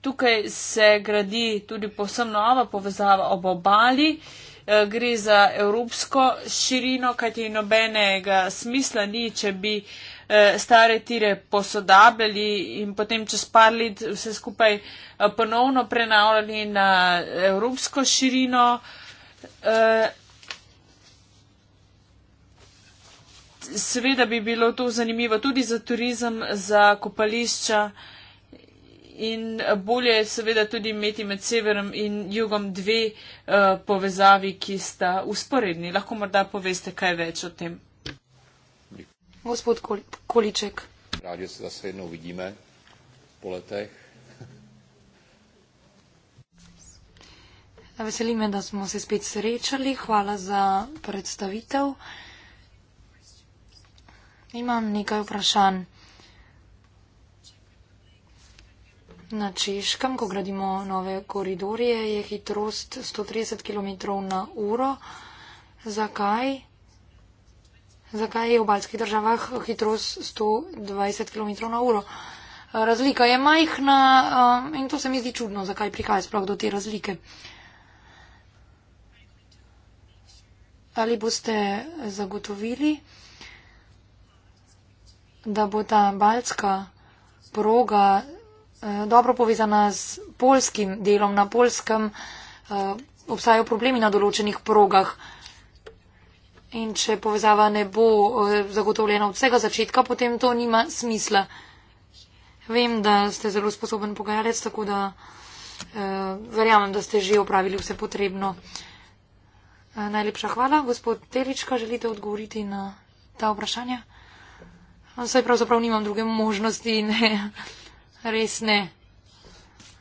Tukaj se gradi tudi posebno nova povezava ob obali, eh, gre za evropsko širino, kajti nobenega smisla ni, če bi uh, Eh, stare tire posodabljali in potem čez par let vse skupaj eh, ponovno prenavljali na evropsko širino. Eh, seveda bi bilo to zanimivo tudi za turizem, za kopališča in bolje je seveda tudi imeti med severom in jugom dve uh, povezavi, ki sta usporedni. Lahko morda poveste kaj več o tem gospod Količek. Rád, že se zase jednou vidíme po letech. Veselíme, da smo se spet srečali. Hvala za predstavitev. Imam nekaj vprašanj. Na Češkem, ko gradimo nove koridorje, je hitrost 130 km na uro. Zakaj? zakaj je v balskih državah hitrost 120 km na uro. Razlika je majhna eh, in to se mi zdi čudno, zakaj prihaja sploh do te razlike. Ali boste zagotovili, da bo ta balska proga eh, dobro povezana s polskim delom na polskem, eh, obstajajo problemi na določenih progah. In če povezava ne bo eh, zagotovljena od vsega začetka, potem to nima smisla. Vem, da ste zelo sposoben pogajalec, tako da eh, verjamem, da ste že opravili vse potrebno. Eh, najlepša hvala. Gospod Telička, želite odgovoriti na ta vprašanja? Saj pravzaprav nimam druge možnosti, ne. *laughs* Res ne.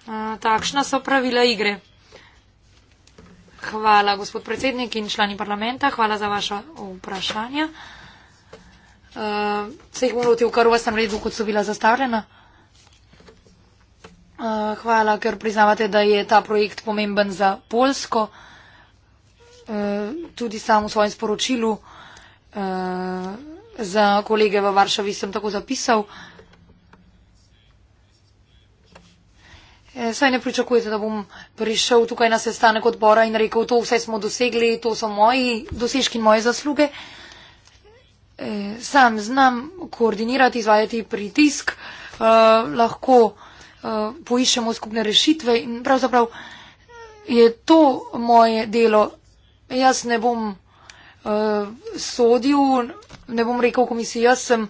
Eh, takšna so pravila igre. Hvala, gospod predsednik in člani parlamenta. Hvala za vaše vprašanje. Uh, se jih bom lotil kar v vsem redu, kot so bila zastavljena. Eh, hvala, ker priznavate, da je ta projekt pomemben za Polsko. Eh, tudi sam v svojem sporočilu eh, za kolege v Varšavi sem tako zapisal, Eh, saj ne pričakujete, da bom prišel tukaj na sestanek odbora in rekel, to vse smo dosegli, to so moji dosežki in moje zasluge. Eh, sam znam koordinirati, izvajati pritisk, eh, lahko poiščemo skupne rešitve in pravzaprav je to moje delo. Jaz ne bom sodil, ne bom rekel komisiji, jaz sem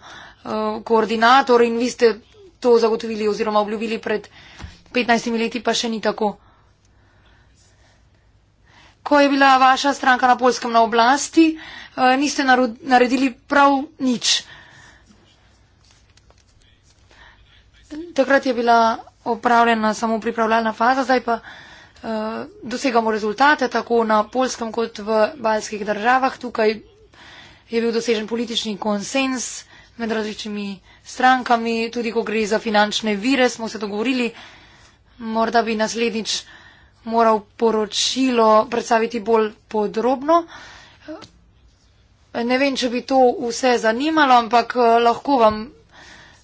koordinator in vi ste to zagotovili oziroma obljubili pred. 15 leti pa še ni tako. Ko je bila vaša stranka na polskem na oblasti, eh, niste naredili prav nič. Takrat je bila opravljena samo pripravljalna faza, zdaj pa eh, dosegamo rezultate tako na polskem kot v baljskih državah. Tukaj je bil dosežen politični konsens med različnimi strankami, tudi ko gre za finančne vire, smo se dogovorili morda bi naslednjič moral poročilo predstaviti bolj podrobno. Ne vem, če bi to vse zanimalo, ampak eh, lahko vam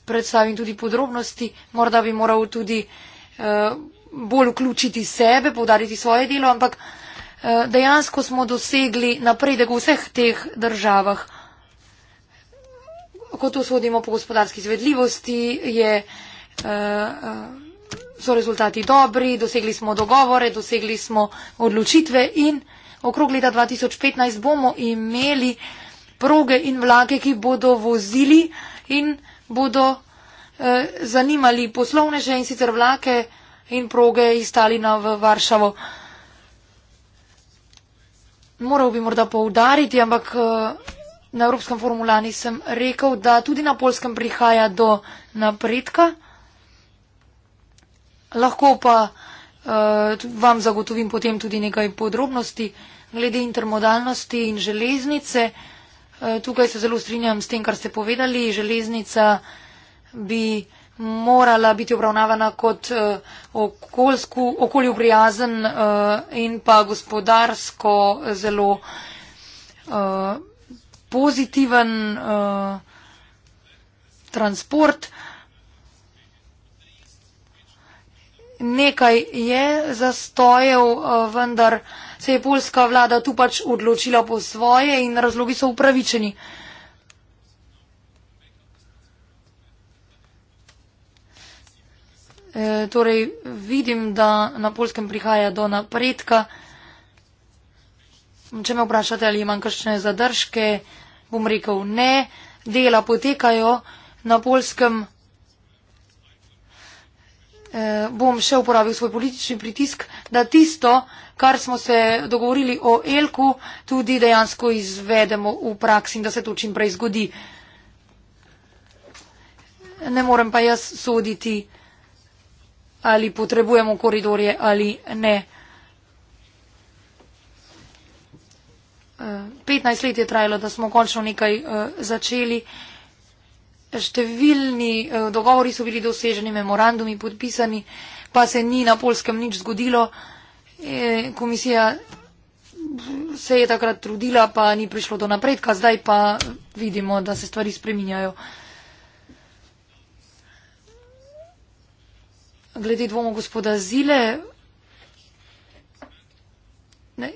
predstavim tudi podrobnosti. Morda bi moral tudi eh, bolj vključiti sebe, podariti svoje delo, ampak eh, dejansko smo dosegli napredek v vseh teh državah. Ko to sodimo po gospodarski zvedljivosti, je so rezultati dobri, dosegli smo dogovore, dosegli smo odločitve in okrog leta 2015 bomo imeli proge in vlake, ki bodo vozili in bodo eh, zanimali poslovneže in sicer vlake in proge iz Stalina v Varšavo. Moral bi morda poudariti, ampak eh, na Evropskem formulani sem rekel, da tudi na Polskem prihaja do napredka. Lahko pa uh, vam zagotovim potem tudi nekaj podrobnosti glede intermodalnosti in železnice. Uh, tukaj se zelo strinjam s tem, kar ste povedali. Železnica bi morala biti obravnavana kot uh, okoljsku, okolju prijazen uh, in pa gospodarsko zelo uh, pozitiven uh, transport. Uh, nekaj je zastojev, eh, vendar se je polska vlada tu pač odločila po svoje in razlogi so upravičeni. E, torej vidim, da na polskem prihaja do napredka. Če me vprašate, ali imam kakšne zadržke, bom rekel ne. Dela potekajo na polskem prihaja eh, bom še uporabil svoj politični pritisk, da tisto, kar smo se dogovorili o Elku, tudi dejansko izvedemo v praksi in da se to čim prej zgodi. Ne morem pa jaz soditi, ali potrebujemo koridorje ali ne. 15 eh, let je trajalo, da smo končno nekaj uh, začeli. Uh, številni eh, dogovori so bili doseženi, memorandumi podpisani, pa se ni na polskem nič zgodilo. Eh, komisija se je takrat trudila, pa ni prišlo do napredka, zdaj pa vidimo, da se stvari spreminjajo. Glede dvomov gospoda Zile, ne,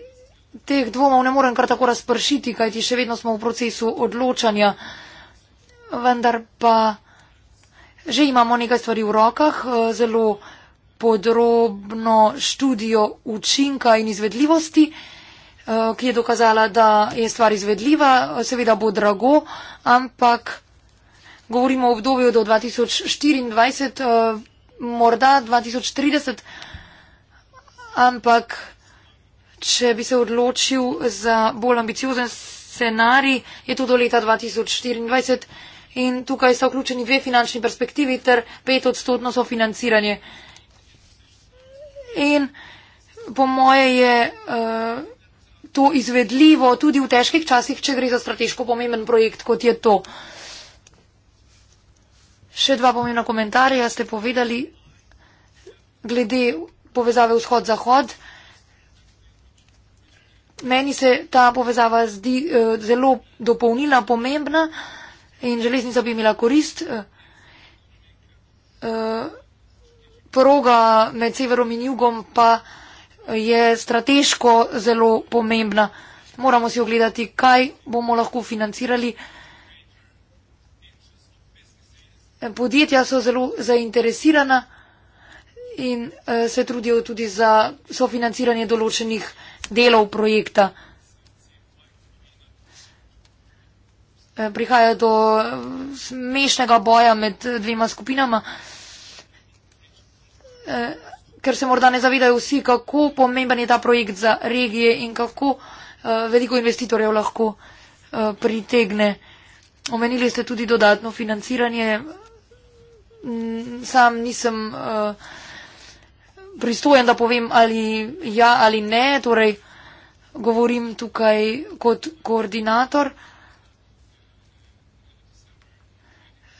teh dvomov ne morem kar tako razpršiti, kajti še vedno smo v procesu odločanja vendar pa že imamo nekaj stvari v rokah, eh, zelo podrobno študijo učinka in izvedljivosti, eh, ki je dokazala, da je stvar izvedljiva, seveda bo drago, ampak govorimo o obdobju do 2024, eh, morda 2030, ampak če bi se odločil za bolj ambiciozen scenarij, je to do leta 2024 in tukaj so vključeni dve finančni perspektivi ter pet odstotno sofinanciranje. In po moje je uh, to izvedljivo tudi v težkih časih, če gre za strateško pomemben projekt, kot je to. Še dva pomembna komentarja ste povedali glede povezave vzhod-zahod. Meni se ta povezava zdi uh, zelo dopolnila, pomembna. Uh, in železnica bi imela korist. Eh, eh, proga med severom in jugom pa je strateško zelo pomembna. Moramo si ogledati, kaj bomo lahko financirali. Eh, podjetja so zelo zainteresirana in se trudijo tudi za sofinanciranje določenih delov projekta. Eh, prihaja do eh, smešnega boja med eh, dvema skupinama, ker se morda ne zavedajo vsi, kako pomemben je ta projekt za regije in kako veliko investitorjev lahko pritegne. Omenili ste tudi dodatno financiranje. Mm, sam nisem pristojen, da povem ali ja ali ne, torej govorim tukaj kot koordinator.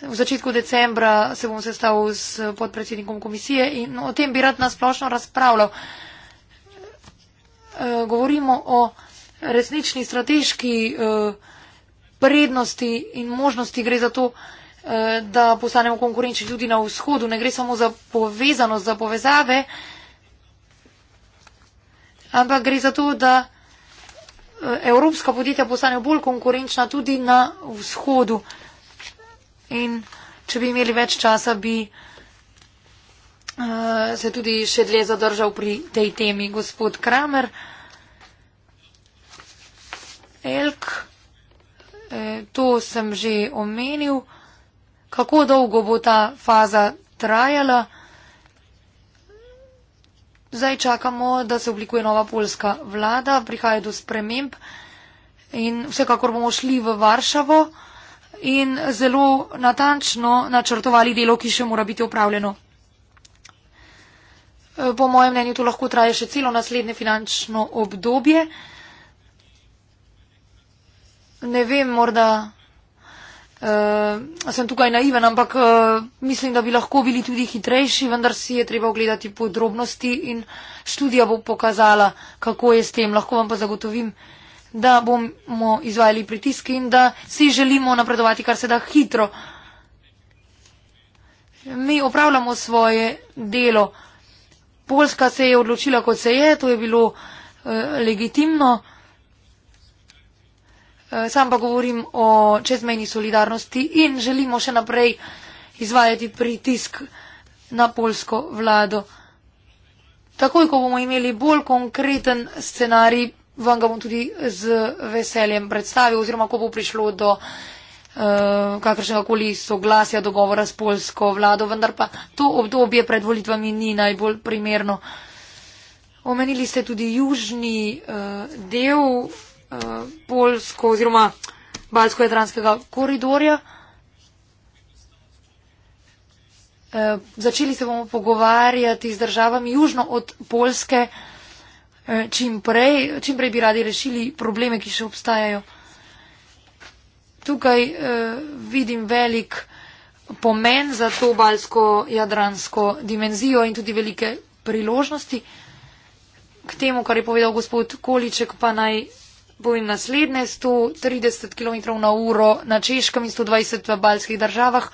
V začetku decembra se bom sestal s podpredsednikom komisije in o tem bi rad nasplošno razpravljal. E, govorimo o resnični strateški e, prednosti in možnosti. Gre za to, e, da postanemo konkurenčni tudi na vzhodu. Ne gre samo za povezanost, za povezave, ampak gre za to, da evropska podjetja postanejo bolj konkurenčna tudi na vzhodu in če bi imeli več časa, bi uh, se tudi še dlje zadržal pri tej temi. Gospod Kramer, Elk, eh, to sem že omenil, kako dolgo bo ta faza trajala. Zdaj čakamo, da se oblikuje nova polska vlada, prihaja do sprememb in vsekakor bomo šli v Varšavo in zelo natančno načrtovali delo, ki še mora biti upravljeno. Eh, po mojem mnenju to lahko traje še celo naslednje finančno obdobje. Ne vem, morda uh, sem tukaj naiven, ampak uh, mislim, da bi lahko bili tudi hitrejši, vendar si je treba ogledati podrobnosti in študija bo pokazala, kako je s tem. Lahko vam pa zagotovim, uh, da bomo izvajali pritiske in da si želimo napredovati kar se da hitro. Mi opravljamo svoje delo. Polska se je odločila, kot se je, to je bilo e, legitimno. E, sam pa govorim o čezmejni solidarnosti in želimo še naprej izvajati pritisk na polsko vlado. Takoj, ko bomo imeli bolj konkreten scenarij vam ga bom tudi z veseljem predstavil, oziroma ko bo prišlo do uh, kakršnega koli soglasja, dogovora s polsko vlado, vendar pa to obdobje pred volitvami ni najbolj primerno. Omenili ste tudi južni uh, del uh, eh, polsko oziroma balsko-jadranskega koridorja. Uh, začeli se bomo pogovarjati z državami južno od Polske. Uh, Eh, čim prej, čim prej bi radi rešili probleme, ki še obstajajo. Tukaj eh, vidim velik pomen za to balsko-jadransko dimenzijo in tudi velike priložnosti. K temu, kar je povedal gospod Količek, pa naj povem naslednje. 130 km na uro na Češkem in 120 v balskih državah.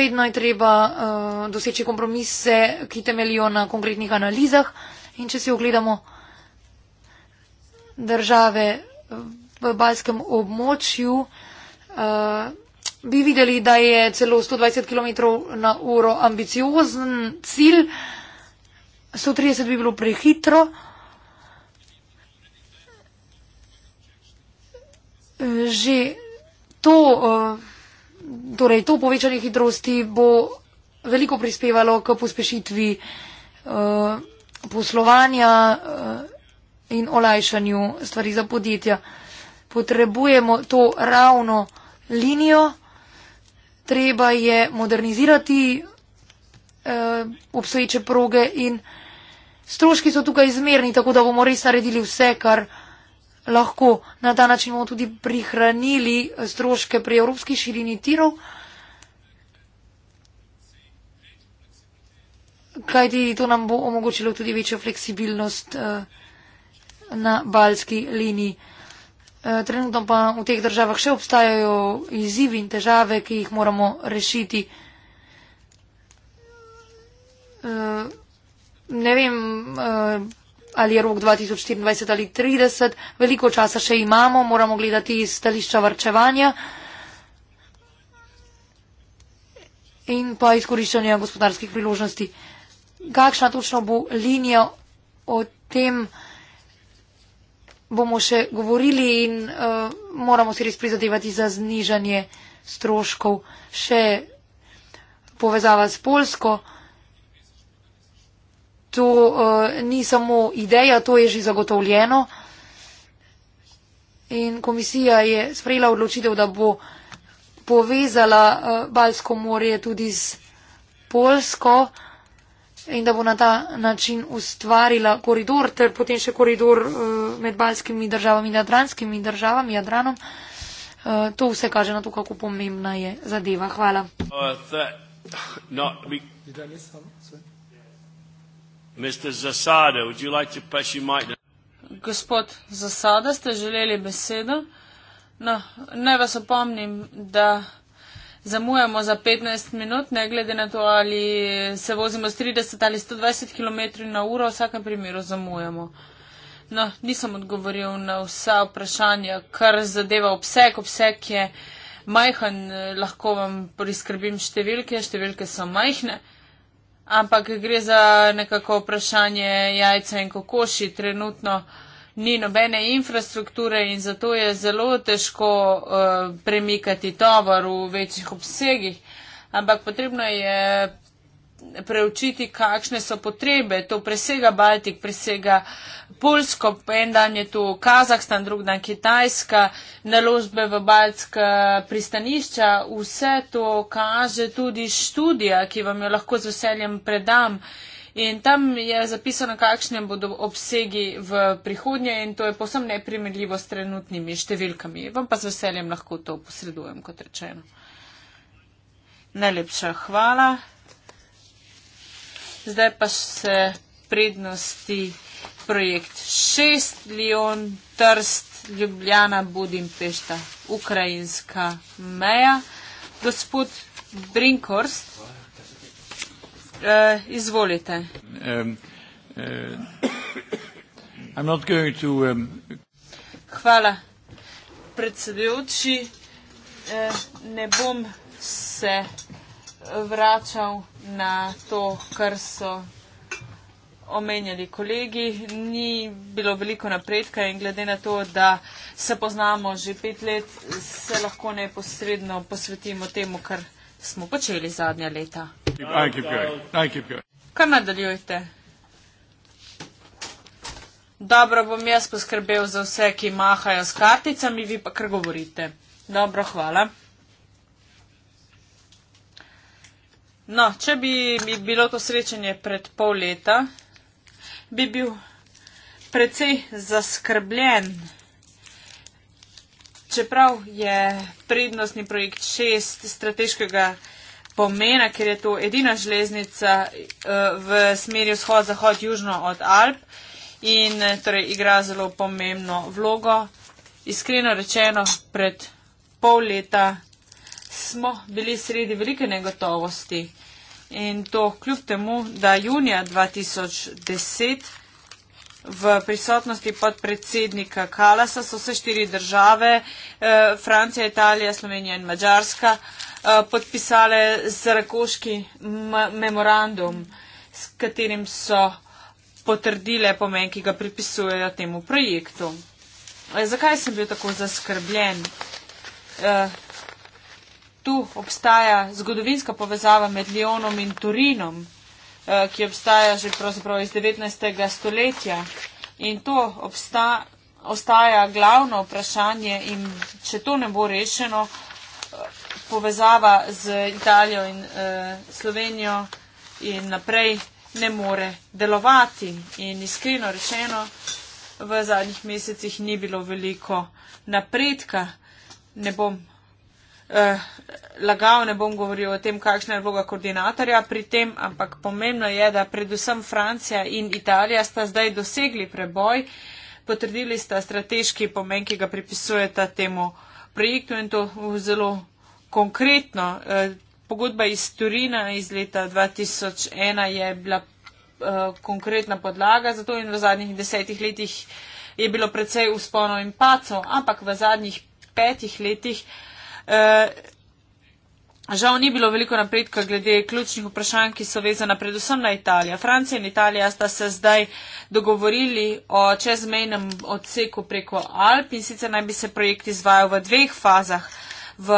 Vedno je treba eh, doseči kompromise, ki temeljijo na konkretnih analizah. In če si ogledamo države v balskem območju, uh, bi videli, da je celo 120 km na uro ambiciozen cilj, 130 bi bilo prehitro. Že to, eh, torej to povečanje hitrosti bo veliko prispevalo k pospešitvi eh, poslovanja eh, in olajšanju stvari za podjetja. Potrebujemo to ravno linijo, treba je modernizirati eh, obstoječe proge in stroški so tukaj izmerni, tako da bomo res naredili vse, kar lahko. Na ta način bomo tudi prihranili stroške pri evropskih širini tirov. kajti to nam bo omogočilo tudi večjo fleksibilnost eh, na balski liniji. Eh, trenutno pa v teh državah še obstajajo izzivi in težave, ki jih moramo rešiti. Eh, ne vem, ali je rok 2024 ali 2030, veliko časa še imamo, moramo gledati iz stališča varčevanja in pa izkoriščanja gospodarskih priložnosti kakšna točno bo linija, o tem bomo še govorili in uh, moramo si res prizadevati za znižanje stroškov. Še povezava s Polsko. To uh, ni samo ideja, to je že zagotovljeno. In komisija je sprejela odločitev, da bo povezala uh, Balsko morje tudi s Polsko. Uh, in da bo na ta način ustvarila koridor, ter potem še koridor uh, med baljskimi državami in jadranskimi državami, Jadranom. Uh, to vse kaže na to, kako pomembna je zadeva. Hvala. Uh, Gospod Zasada, ste želeli besedo? No, naj vas opomnim, da zamujamo za 15 minut, ne glede na to, ali se vozimo s 30 ali 120 km na uro, v vsakem primeru zamujamo. No, nisem odgovoril na vsa vprašanja, kar zadeva obseg. Obseg je majhen, lahko vam priskrbim številke, številke so majhne. Ampak gre za nekako vprašanje jajca in kokoši. Trenutno uh, ni nobene infrastrukture in zato je zelo težko uh, premikati tovor v večjih obsegih. Ampak potrebno je preučiti, kakšne so potrebe. To presega Baltik, presega Polsko, en dan je tu Kazahstan, drug dan Kitajska, naložbe v Baltska pristanišča. Vse to kaže tudi študija, ki vam jo lahko z veseljem predam. Uh, In tam je zapisano, kakšne bodo obsegi v prihodnje in to je posebno neprimerljivo s trenutnimi številkami. Vam pa z veseljem lahko to posredujem, kot rečeno. Najlepša hvala. Zdaj pa se prednosti projekt 6, Lion, Trst, Ljubljana, Budimpešta, ukrajinska meja. Gospod Brinkhorst. Hvala. Uh, izvolite. Um, uh, to, um... Hvala. Predsedujoči, uh, ne bom se vračal na to, kar so omenjali kolegi. Ni bilo veliko napredka in glede na to, da se poznamo že pet let, se lahko neposredno posvetimo temu, kar smo počeli zadnja leta. Kar nadaljujte. Dobro, bom jaz poskrbel za vse, ki mahajo s karticami, vi pa kar govorite. Dobro, hvala. No, če bi mi bilo to srečanje pred pol leta, bi bil precej zaskrbljen čeprav je prednostni projekt šest strateškega pomena, ker je to edina železnica eh, v smeri vzhod-zahod južno od Alp in eh, torej igra zelo pomembno vlogo. Iskreno rečeno, pred pol leta smo bili sredi velike negotovosti in to kljub temu, da junija 2010. V prisotnosti podpredsednika Kalasa so vse štiri države, eh, Francija, Italija, Slovenija in Mačarska, eh, podpisale zrakoški memorandum, s katerim so potrdile pomen, ki ga pripisujejo temu projektu. Eh, zakaj sem bil tako zaskrbljen? Tu obstaja zgodovinska povezava med Lionom in Turinom. Eh, ki obstaja že pravzaprav iz 19. stoletja. In to obsta, ostaja glavno vprašanje in če to ne bo rešeno, eh, povezava z Italijo in eh, Slovenijo in naprej ne more delovati. In iskreno rečeno, v zadnjih mesecih ni bilo veliko napredka. Ne bom eh, lagal, ne bom govoril o tem, kakšna je vloga koordinatorja pri tem, ampak pomembno je, da predvsem Francija in Italija sta zdaj dosegli preboj, potrdili sta strateški pomen, ki ga pripisujeta temu projektu in to zelo konkretno. Eh, Pogodba iz Turina iz leta 2001 je bila eh, konkretna podlaga za to in v zadnjih desetih letih je bilo precej usponov in pacov, ampak v zadnjih petih letih eh, Eh, žal ni bilo veliko napredka glede ključnih vprašanj, ki so vezana predvsem na Italijo. Francija in Italija sta se zdaj dogovorili o čezmejnem odseku preko Alp in sicer naj bi se projekt izvajal v dveh fazah. V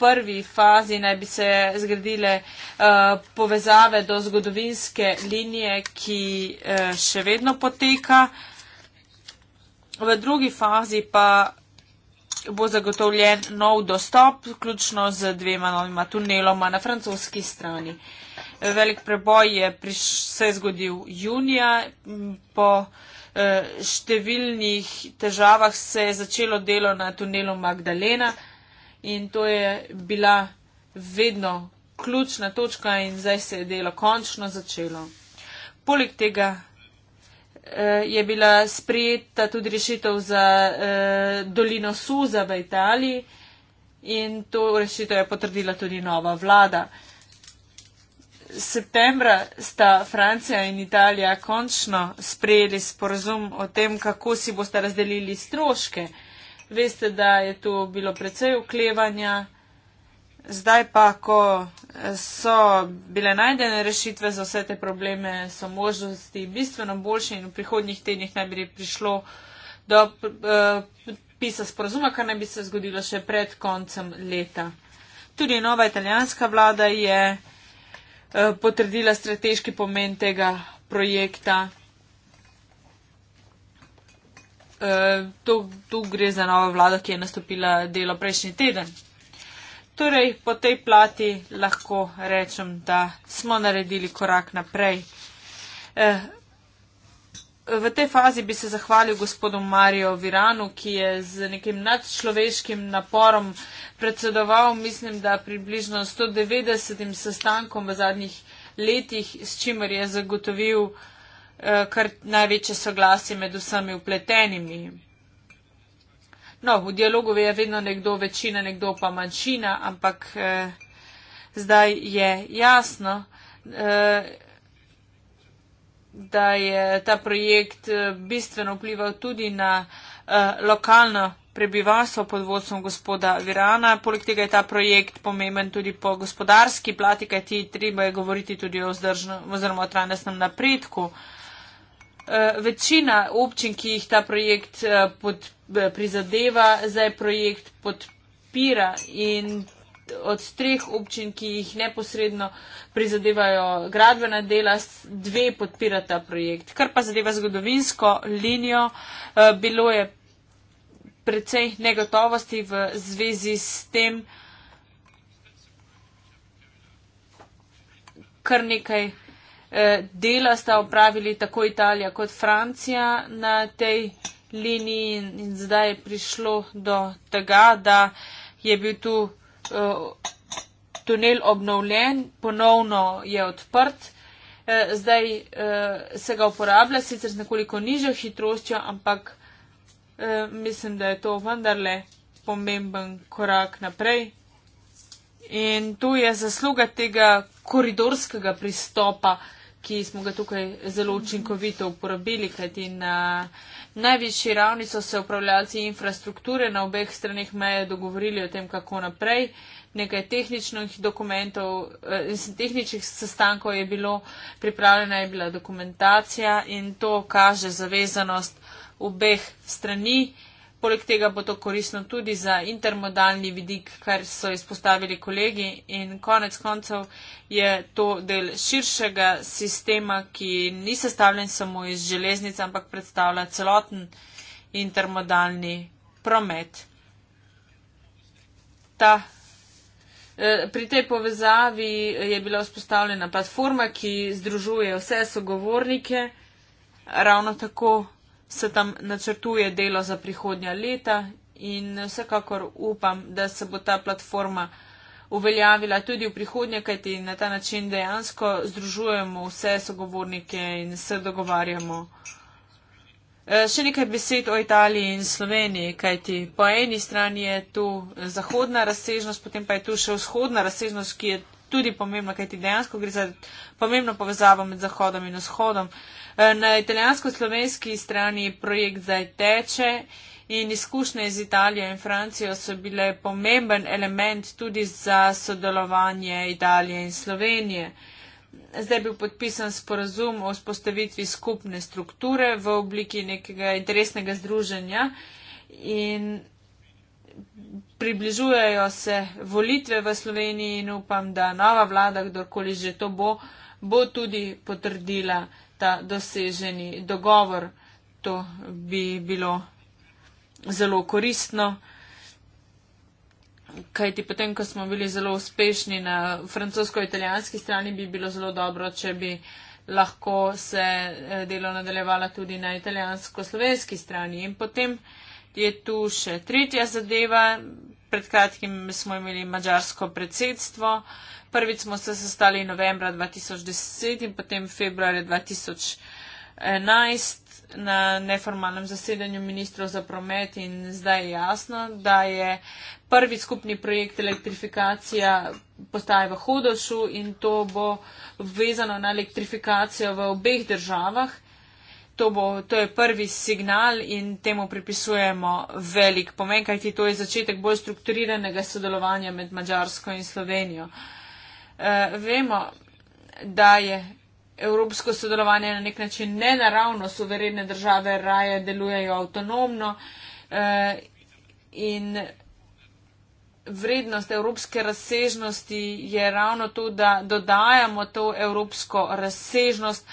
prvi fazi naj bi se zgradile uh, povezave do zgodovinske linije, ki uh, še vedno poteka. V drugi fazi pa bo zagotovljen nov dostop, vključno z dvema novima tuneloma na francoski strani. Velik preboj je priš, se je zgodil junija, po eh, številnih težavah se je začelo delo na tunelu Magdalena in to je bila vedno ključna točka in zdaj se je delo končno začelo. Poleg tega Eh, je bila sprejeta tudi rešitev za eh, dolino Suza v Italiji in to rešitev je potrdila tudi nova vlada. Septembra sta Francija in Italija končno sprejeli sporozum o tem, kako si boste razdelili stroške. Veste, da je to bilo precej uklevanja. Zdaj pa, ko so bile najdene rešitve za vse te probleme, so možnosti bistveno boljše in v prihodnjih tednih naj bi prišlo do eh, pisa sporozuma, kar naj bi se zgodilo še pred koncem leta. Tudi nova italijanska vlada je eh, potrdila strateški pomen tega projekta. Eh, tu gre za novo vlado, ki je nastopila delo prejšnji teden. Torej, po tej plati lahko rečem, da smo naredili korak naprej. Eh, v tej fazi bi se zahvalil gospodu Mariju Viranu, ki je z nekim nadčloveškim naporom predsedoval, mislim, da približno 190 sestankom v zadnjih letih, s čimer je zagotovil eh, kar največje soglasje med vsemi upletenimi. No, v dialogu je vedno nekdo večina, nekdo pa manjšina, ampak eh, zdaj je jasno, eh, da je ta projekt eh, bistveno vplival tudi na eh, lokalno prebivalstvo pod vodstvom gospoda Virana. Poleg tega je ta projekt pomemben tudi po gospodarski plati, kaj ti treba je govoriti tudi o zdržnem oziroma o trajnostnem napredku. Eh, večina občin, ki jih ta projekt eh, podpira, Eh, prizadeva, zdaj projekt podpira in od treh občin, ki jih neposredno prizadevajo gradbena dela, dve podpira ta projekt. Kar pa zadeva zgodovinsko linijo, eh, bilo je precej negotovosti v zvezi s tem, kar nekaj eh, dela sta opravili tako Italija kot Francija na tej liniji in, in zdaj je prišlo do tega, da je bil tu uh, tunel obnovljen, ponovno je odprt. Eh, zdaj eh, se ga uporablja sicer z nekoliko nižjo hitrostjo, ampak eh, mislim, da je to vendarle pomemben korak naprej. In tu je zasluga tega koridorskega pristopa, ki smo ga tukaj zelo učinkovito uporabili, kajti na eh, najvišji ravni so se upravljalci infrastrukture na obeh stranih meje dogovorili o tem, kako naprej. Nekaj tehničnih dokumentov, eh, tehničnih sestankov je bilo, pripravljena je bila dokumentacija in to kaže zavezanost obeh strani. Poleg tega bo to koristno tudi za intermodalni vidik, kar so izpostavili kolegi in konec koncev je to del širšega sistema, ki ni sestavljen samo iz železnic, ampak predstavlja celoten intermodalni promet. Ta, eh, pri tej povezavi je bila vzpostavljena platforma, ki združuje vse sogovornike, ravno tako se tam načrtuje delo za prihodnja leta in vsekakor upam, da se bo ta platforma uveljavila tudi v prihodnje, kajti na ta način dejansko združujemo vse sogovornike in se dogovarjamo. E, še nekaj besed o Italiji in Sloveniji, kajti po eni strani je tu zahodna razsežnost, potem pa je tu še vzhodna razsežnost, ki je tudi pomembna, kajti dejansko gre za pomembno povezavo med zahodom in vzhodom. Na italijansko-slovenski strani projekt zdaj teče in izkušnje z Italijo in Francijo so bile pomemben element tudi za sodelovanje Italije in Slovenije. Zdaj je bil podpisan sporazum o spostavitvi skupne strukture v obliki nekega interesnega združenja in približujejo se volitve v Sloveniji in upam, da nova vlada, kdorkoli že to bo, bo tudi potrdila ta doseženi dogovor. To bi bilo zelo koristno, kajti potem, ko smo bili zelo uspešni na francosko-italijanski strani, bi bilo zelo dobro, če bi lahko se eh, delo nadaljevala tudi na italijansko-slovenski strani. In potem je tu še tretja zadeva. Pred kratkim smo imeli mađarsko predsedstvo, Prvič smo se sestali novembra 2010 in potem februarja 2011 na neformalnem zasedanju ministrov za promet in zdaj je jasno, da je prvi skupni projekt elektrifikacija postaje v Hodošu in to bo vezano na elektrifikacijo v obeh državah. To, bo, to je prvi signal in temu pripisujemo velik pomen, kajti to je začetek bolj strukturiranega sodelovanja med Mačarsko in Slovenijo. Uh, Uh, vemo, da je evropsko sodelovanje na nek način nenaravno, suverene države raje delujejo avtonomno uh, in vrednost evropske razsežnosti je ravno to, da dodajamo to evropsko razsežnost,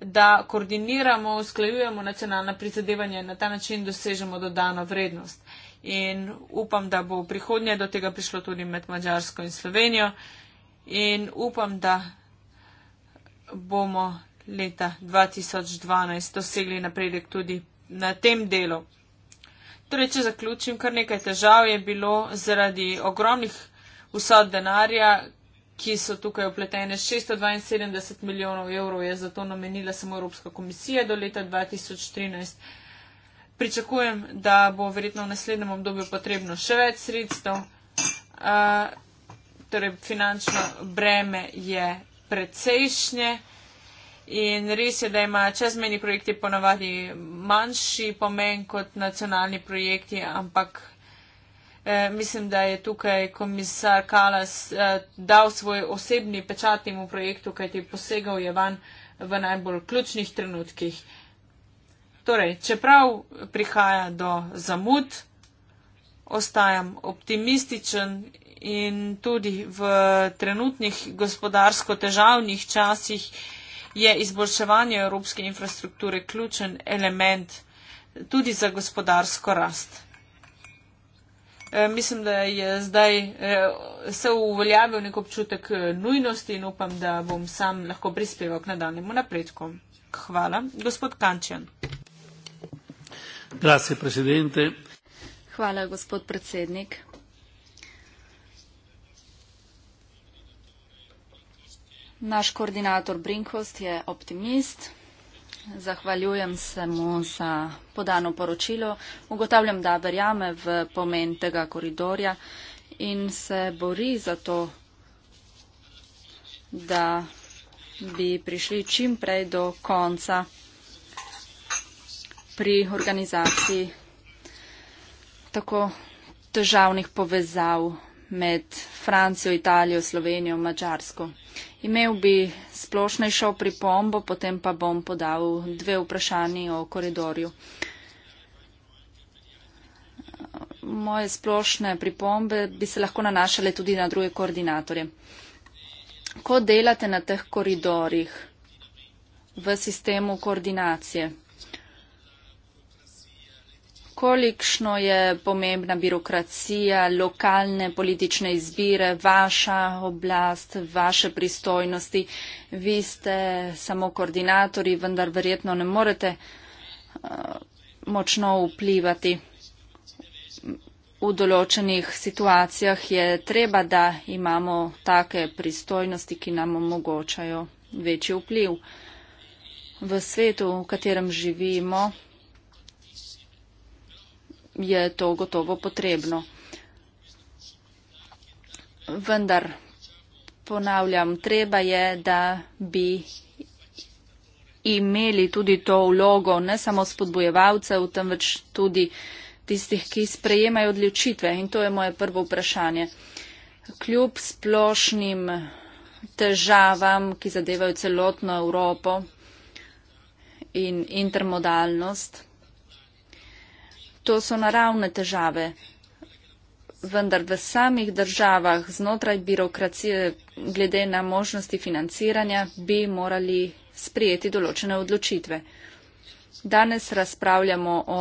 da koordiniramo, usklajujemo nacionalna prizadevanja in na ta način dosežemo dodano vrednost. In upam, da bo v prihodnje do tega prišlo tudi med Mačarsko in Slovenijo. Uh, in upam, da bomo leta 2012 dosegli napredek tudi na tem delu. Torej, če zaključim, kar nekaj težav je bilo zaradi ogromnih vsot denarja, ki so tukaj upletene. 672 milijonov evrov je za to namenila samo Evropska komisija do leta 2013. Pričakujem, da bo verjetno v naslednjem obdobju potrebno še več sredstev. Uh, torej finančno breme je precejšnje. In res je, da ima čezmeni projekti ponavadi manjši pomen kot nacionalni projekti, ampak eh, mislim, da je tukaj komisar Kalas eh, dal svoj osebni pečat temu projektu, kajti posegal je van v najbolj ključnih trenutkih. Torej, čeprav prihaja do zamud, ostajam optimističen in tudi v trenutnih gospodarsko težavnih časih je izboljševanje evropske infrastrukture ključen element tudi za gospodarsko rast. E, mislim, da je zdaj e, se uveljavil nek občutek e, nujnosti in upam, da bom sam lahko prispeval k nadaljemu napredku. Hvala. Gospod Kančjan. Hvala, gospod predsednik. Naš koordinator Brinkost je optimist. Zahvaljujem se mu za podano poročilo. Ugotavljam, da verjame v pomen tega koridorja in se bori za to, da bi prišli čim prej do konca pri organizaciji tako težavnih povezav med Francijo, Italijo, Slovenijo, Mačarsko. Imel bi splošnejšo pripombo, potem pa bom podal dve vprašanji o koridorju. Moje splošne pripombe bi se lahko nanašale tudi na druge koordinatorje. Ko delate na teh koridorjih v sistemu koordinacije? kolikšno je pomembna birokracija, lokalne politične izbire, vaša oblast, vaše pristojnosti. Vi ste samo koordinatori, vendar verjetno ne morete eh, močno vplivati. V določenih situacijah je treba, da imamo take pristojnosti, ki nam omogočajo večji vpliv. V svetu, v katerem živimo, je to gotovo potrebno. Vendar ponavljam, treba je, da bi imeli tudi to vlogo ne samo spodbojevalcev, temveč tudi tistih, ki sprejemajo odločitve. In to je moje prvo vprašanje. Kljub splošnim težavam, ki zadevajo celotno Evropo in intermodalnost, To so naravne težave. Vendar v samih državah znotraj birokracije, glede na možnosti financiranja, bi morali sprijeti določene odločitve. Danes razpravljamo o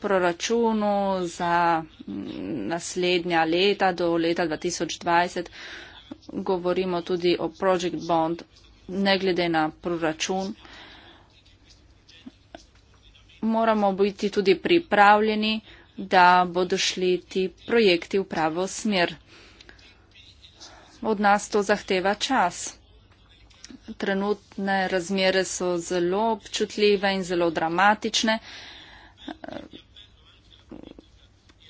proračunu za naslednja leta do leta 2020. Govorimo tudi o Project Bond, ne glede na proračun moramo biti tudi pripravljeni, da bodo šli ti projekti v pravo smer. Od nas to zahteva čas. Trenutne razmere so zelo občutljive in zelo dramatične.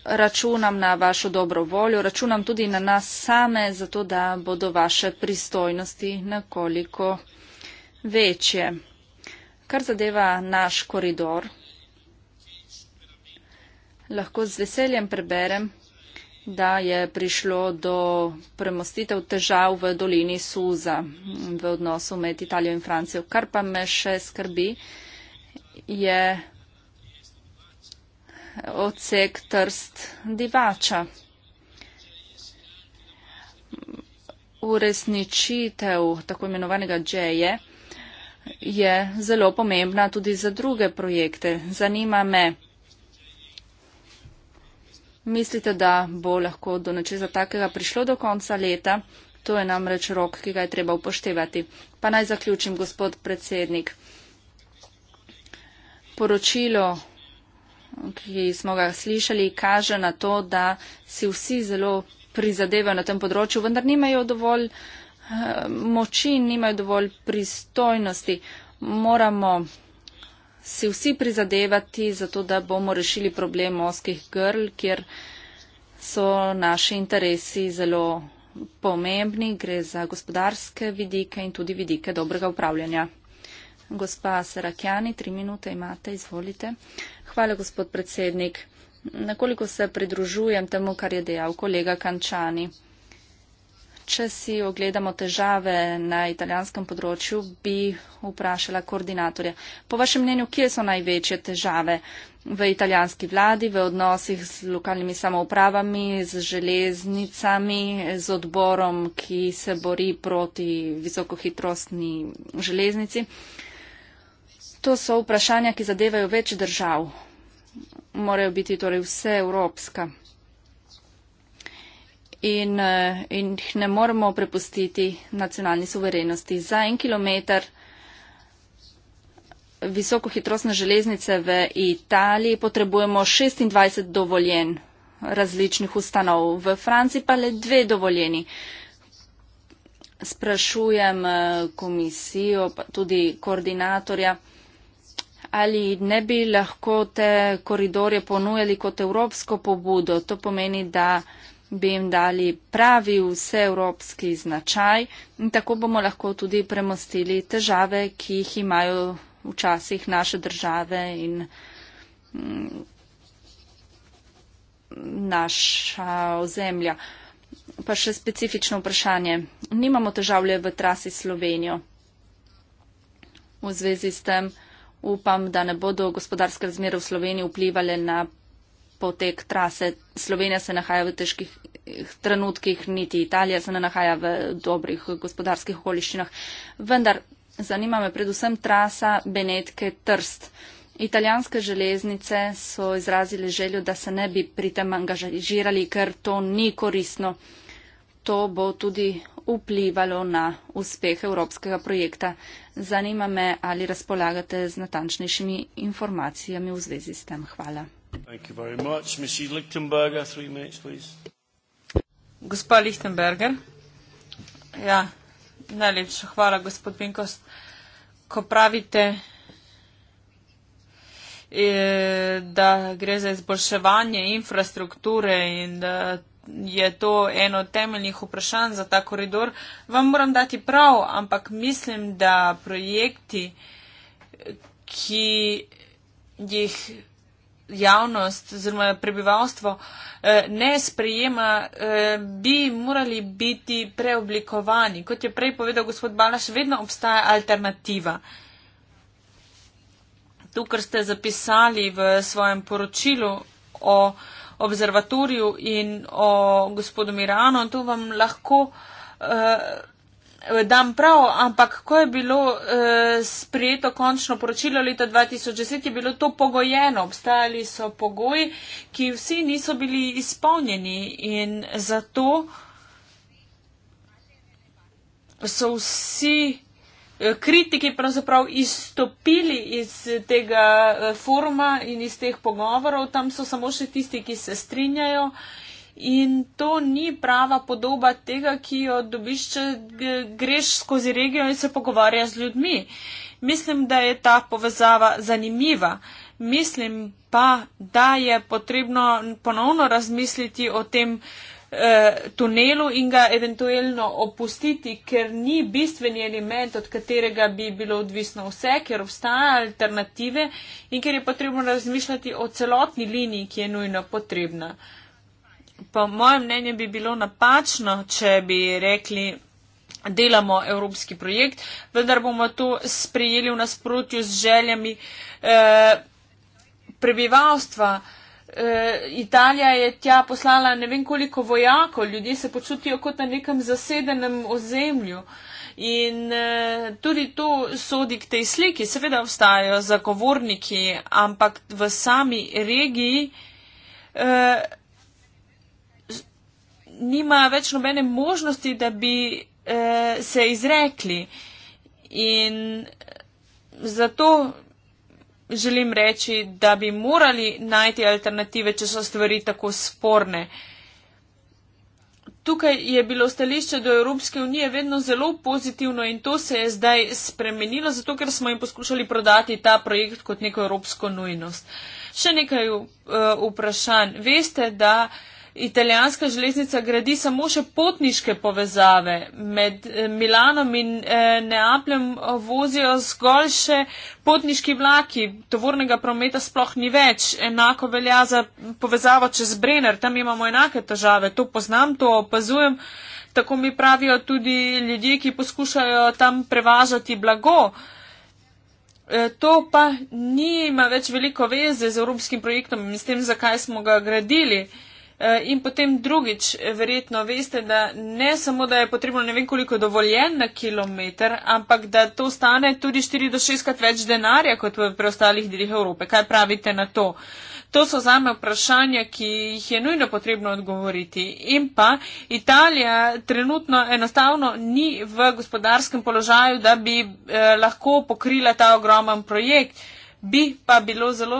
Računam na vašo dobro voljo, računam tudi na nas same, zato da bodo vaše pristojnosti nekoliko večje. Kar zadeva naš koridor, lahko z veseljem preberem, da je prišlo do premostitev težav v dolini Suza v odnosu med Italijo in Francijo. Kar pa me še skrbi, je odsek trst divača. Uresničitev tako imenovanega džeje je zelo pomembna tudi za druge projekte. Zanima me, mislite, da bo lahko do nečesa takega prišlo do konca leta? To je namreč rok, ki ga je treba upoštevati. Pa naj zaključim, gospod predsednik. Poročilo, ki smo ga slišali, kaže na to, da si vsi zelo prizadevajo na tem področju, vendar nimajo dovolj eh, moči in nimajo dovolj pristojnosti. Moramo si vsi prizadevati za to, da bomo rešili problem morskih grl, kjer so naši interesi zelo pomembni, gre za gospodarske vidike in tudi vidike dobrega upravljanja. Gospa Serakjani, tri minute imate, izvolite. Hvala, gospod predsednik. Nakoliko se pridružujem temu, kar je dejal kolega Kančani. Če si ogledamo težave na italijanskem področju, bi vprašala koordinatorja. Po vašem mnenju, kje so največje težave v italijanski vladi, v odnosih z lokalnimi samoupravami, z železnicami, z odborom, ki se bori proti visokohitrostni železnici? To so vprašanja, ki zadevajo več držav. Morajo biti torej vse evropska in, eh, in jih ne moremo prepustiti nacionalni suverenosti. Za en kilometr visokohitrostne železnice v Italiji potrebujemo 26 dovoljen različnih ustanov, v Franciji pa le dve dovoljeni. Sprašujem eh, komisijo, pa tudi koordinatorja, ali ne bi lahko te koridorje ponujali kot evropsko pobudo. To pomeni, da uh, bi jim dali pravi vseevropski značaj in tako bomo lahko tudi premostili težave, ki jih imajo včasih naše države in mm, naša ozemlja. Pa še specifično vprašanje. Nimamo težav le v trasi Slovenijo. V zvezi s tem upam, da ne bodo gospodarske razmere v Sloveniji vplivali na potek trase. Slovenija se nahaja v težkih trenutkih, niti Italija se ne nahaja v dobrih gospodarskih okoliščinah. Vendar zanima me predvsem trasa Benetke Trst. Italijanske železnice so izrazile željo, da se ne bi pri tem angažirali, ker to ni koristno. To bo tudi vplivalo na uspeh evropskega projekta. Zanima me, ali razpolagate z natančnejšimi informacijami v zvezi s tem. Hvala. Thank you very much. Ms. Lichtenberger, three minutes, please. Gospa Lichtenberger, ja, najlepša hvala, gospod Vinkost. Ko pravite, eh, da gre za izboljševanje infrastrukture in da je to eno od temeljnih vprašanj za ta koridor, vam moram dati prav, ampak mislim, da projekti, ki jih javnost oziroma prebivalstvo eh, ne sprejema, eh, bi morali biti preoblikovani. Kot je prej povedal gospod Balaš, vedno obstaja alternativa. To, kar ste zapisali v svojem poročilu o observatoriju in o gospodu Mirano, to vam lahko. Eh, dam prav, ampak ko je bilo uh, sprejeto končno poročilo leta 2010, je bilo to pogojeno. Obstajali so pogoji, ki vsi niso bili izpolnjeni in zato so vsi eh, kritiki pravzaprav izstopili iz eh, tega foruma in iz teh pogovorov. Tam so samo še tisti, ki se strinjajo In to ni prava podoba tega, ki jo dobiš, če greš skozi regijo in se pogovarjaš z ljudmi. Mislim, da je ta povezava zanimiva. Mislim pa, da je potrebno ponovno razmisliti o tem eh, tunelu in ga eventuelno opustiti, ker ni bistveni element, od katerega bi bilo odvisno vse, ker obstaja alternative in ker je potrebno razmišljati o celotni liniji, ki je nujno potrebna. Pa moje mnenje bi bilo napačno, če bi rekli, delamo evropski projekt, vendar bomo to sprejeli v nasprotju z željami eh, prebivalstva. Eh, Italija je tja poslala ne vem koliko vojakov, ljudje se počutijo kot na nekem zasedenem ozemlju. In eh, tudi to sodi k tej sliki. Seveda obstajajo zagovorniki, ampak v sami regiji. Eh, nima več nobene možnosti, da bi eh, se izrekli. In eh, zato želim reči, da bi morali najti alternative, če so stvari tako sporne. Tukaj je bilo stališče do Evropske unije vedno zelo pozitivno in to se je zdaj spremenilo, zato ker smo jim poskušali prodati ta projekt kot neko evropsko nujnost. Še nekaj uh, vprašanj. Veste, da uh, italijanska železnica gradi samo še potniške povezave. Med eh, Milanom in eh, Neapljem eh, vozijo zgolj še potniški vlaki, tovornega prometa sploh ni več. Enako velja za povezavo čez Brenner, tam imamo enake težave, to poznam, to opazujem. Tako mi pravijo tudi ljudje, ki poskušajo tam prevažati blago. To pa nima več veliko veze z evropskim projektom in s tem, zakaj smo ga gradili. Eh, in potem drugič, verjetno veste, da ne samo, da je potrebno ne vem koliko dovoljen na kilometr, ampak da to stane tudi 4 do 6 krat več denarja kot v preostalih delih Evrope. Kaj pravite na to? To so zame vprašanja, ki jih je nujno potrebno odgovoriti. In pa Italija trenutno enostavno ni v gospodarskem položaju, da bi eh, lahko pokrila ta ogromen projekt. Bi pa bilo zelo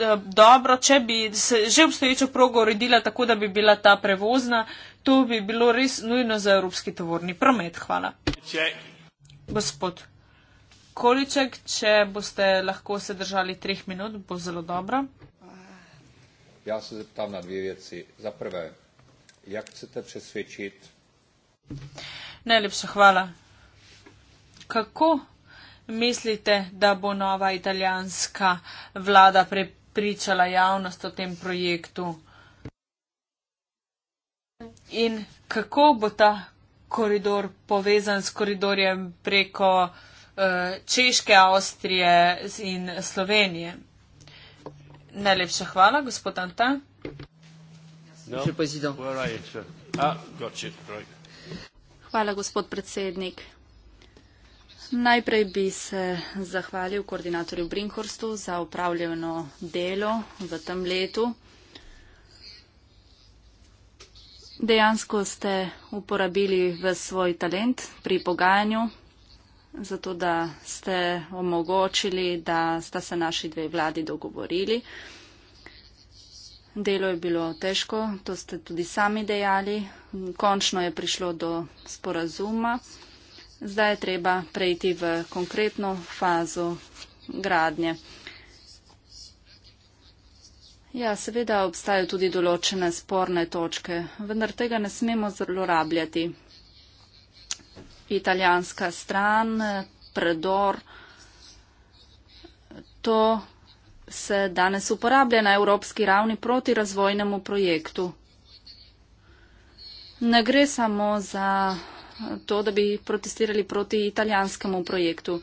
eh, dobro, če bi se že obstoječo progo uredila tako, da bi bila ta prevozna. To bi bilo res nujno za evropski tovorni promet. Hvala. Ček. Gospod Količek, če boste lahko se držali treh minut, bo zelo dobro. Jaz se zeptam na dve veci. Za prve, jak ste presvečiti? Najlepša hvala. Kako mislite, da bo nova italijanska vlada prepričala javnost o tem projektu? In kako bo ta koridor povezan s koridorjem preko eh, Češke, Avstrije in Slovenije? Najlepša hvala, gospod Anta. No. Ah, hvala, gospod predsednik. Najprej bi se zahvalil koordinatorju Brinkhorstu za upravljeno delo v tem letu. Dejansko ste uporabili v svoj talent pri pogajanju, zato da ste omogočili, da sta se naši dve vladi dogovorili. Delo je bilo težko, to ste tudi sami dejali. Končno je prišlo do sporazuma. Zdaj je treba prejti v konkretno fazo gradnje. Ja, seveda obstajajo tudi določene sporne točke, vendar tega ne smemo zlorabljati. Italijanska stran, predor, to se danes uporablja na evropski ravni proti razvojnemu projektu. Ne gre samo za to, da bi protestirali proti italijanskemu projektu.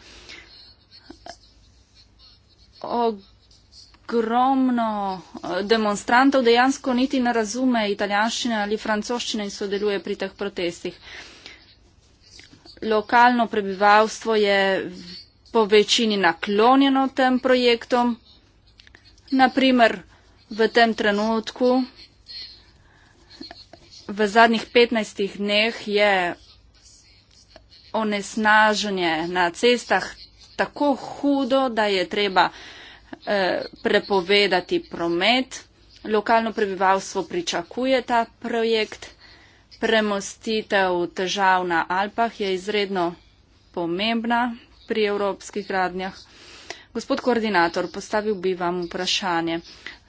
Ogromno eh, demonstrantov dejansko niti ne razume italijanščine ali francoščine in sodeluje pri teh protestih. Lokalno prebivalstvo je po večini naklonjeno tem projektom. Naprimer, v tem trenutku, v zadnjih 15 dneh je onesnaženje na cestah tako hudo, da je treba eh, prepovedati promet. Lokalno prebivalstvo pričakuje ta projekt. Premostitev težav na Alpah je izredno pomembna pri evropskih gradnjah. Gospod koordinator, postavil bi vam vprašanje.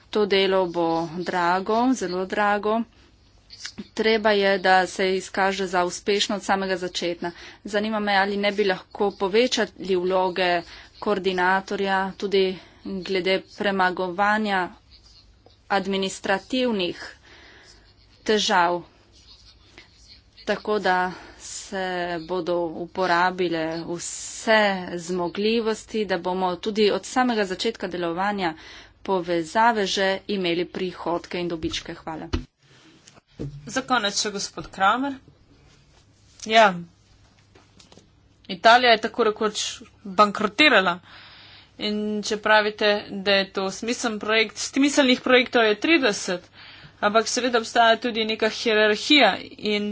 To delo bo drago, zelo drago treba je, da se izkaže za uspešno od samega začetka. Zanima me, ali ne bi lahko povečali vloge koordinatorja tudi glede premagovanja administrativnih težav, tako da se bodo uporabile vse zmogljivosti, da bomo tudi od samega začetka delovanja povezave že imeli prihodke in dobičke. Hvala. Za konec še gospod Kramer. Ja, Italija je tako rekoč bankrotirala. In če pravite, da je to smiseln projekt, smiselnih projektov je 30, ampak seveda obstaja tudi neka hierarhija in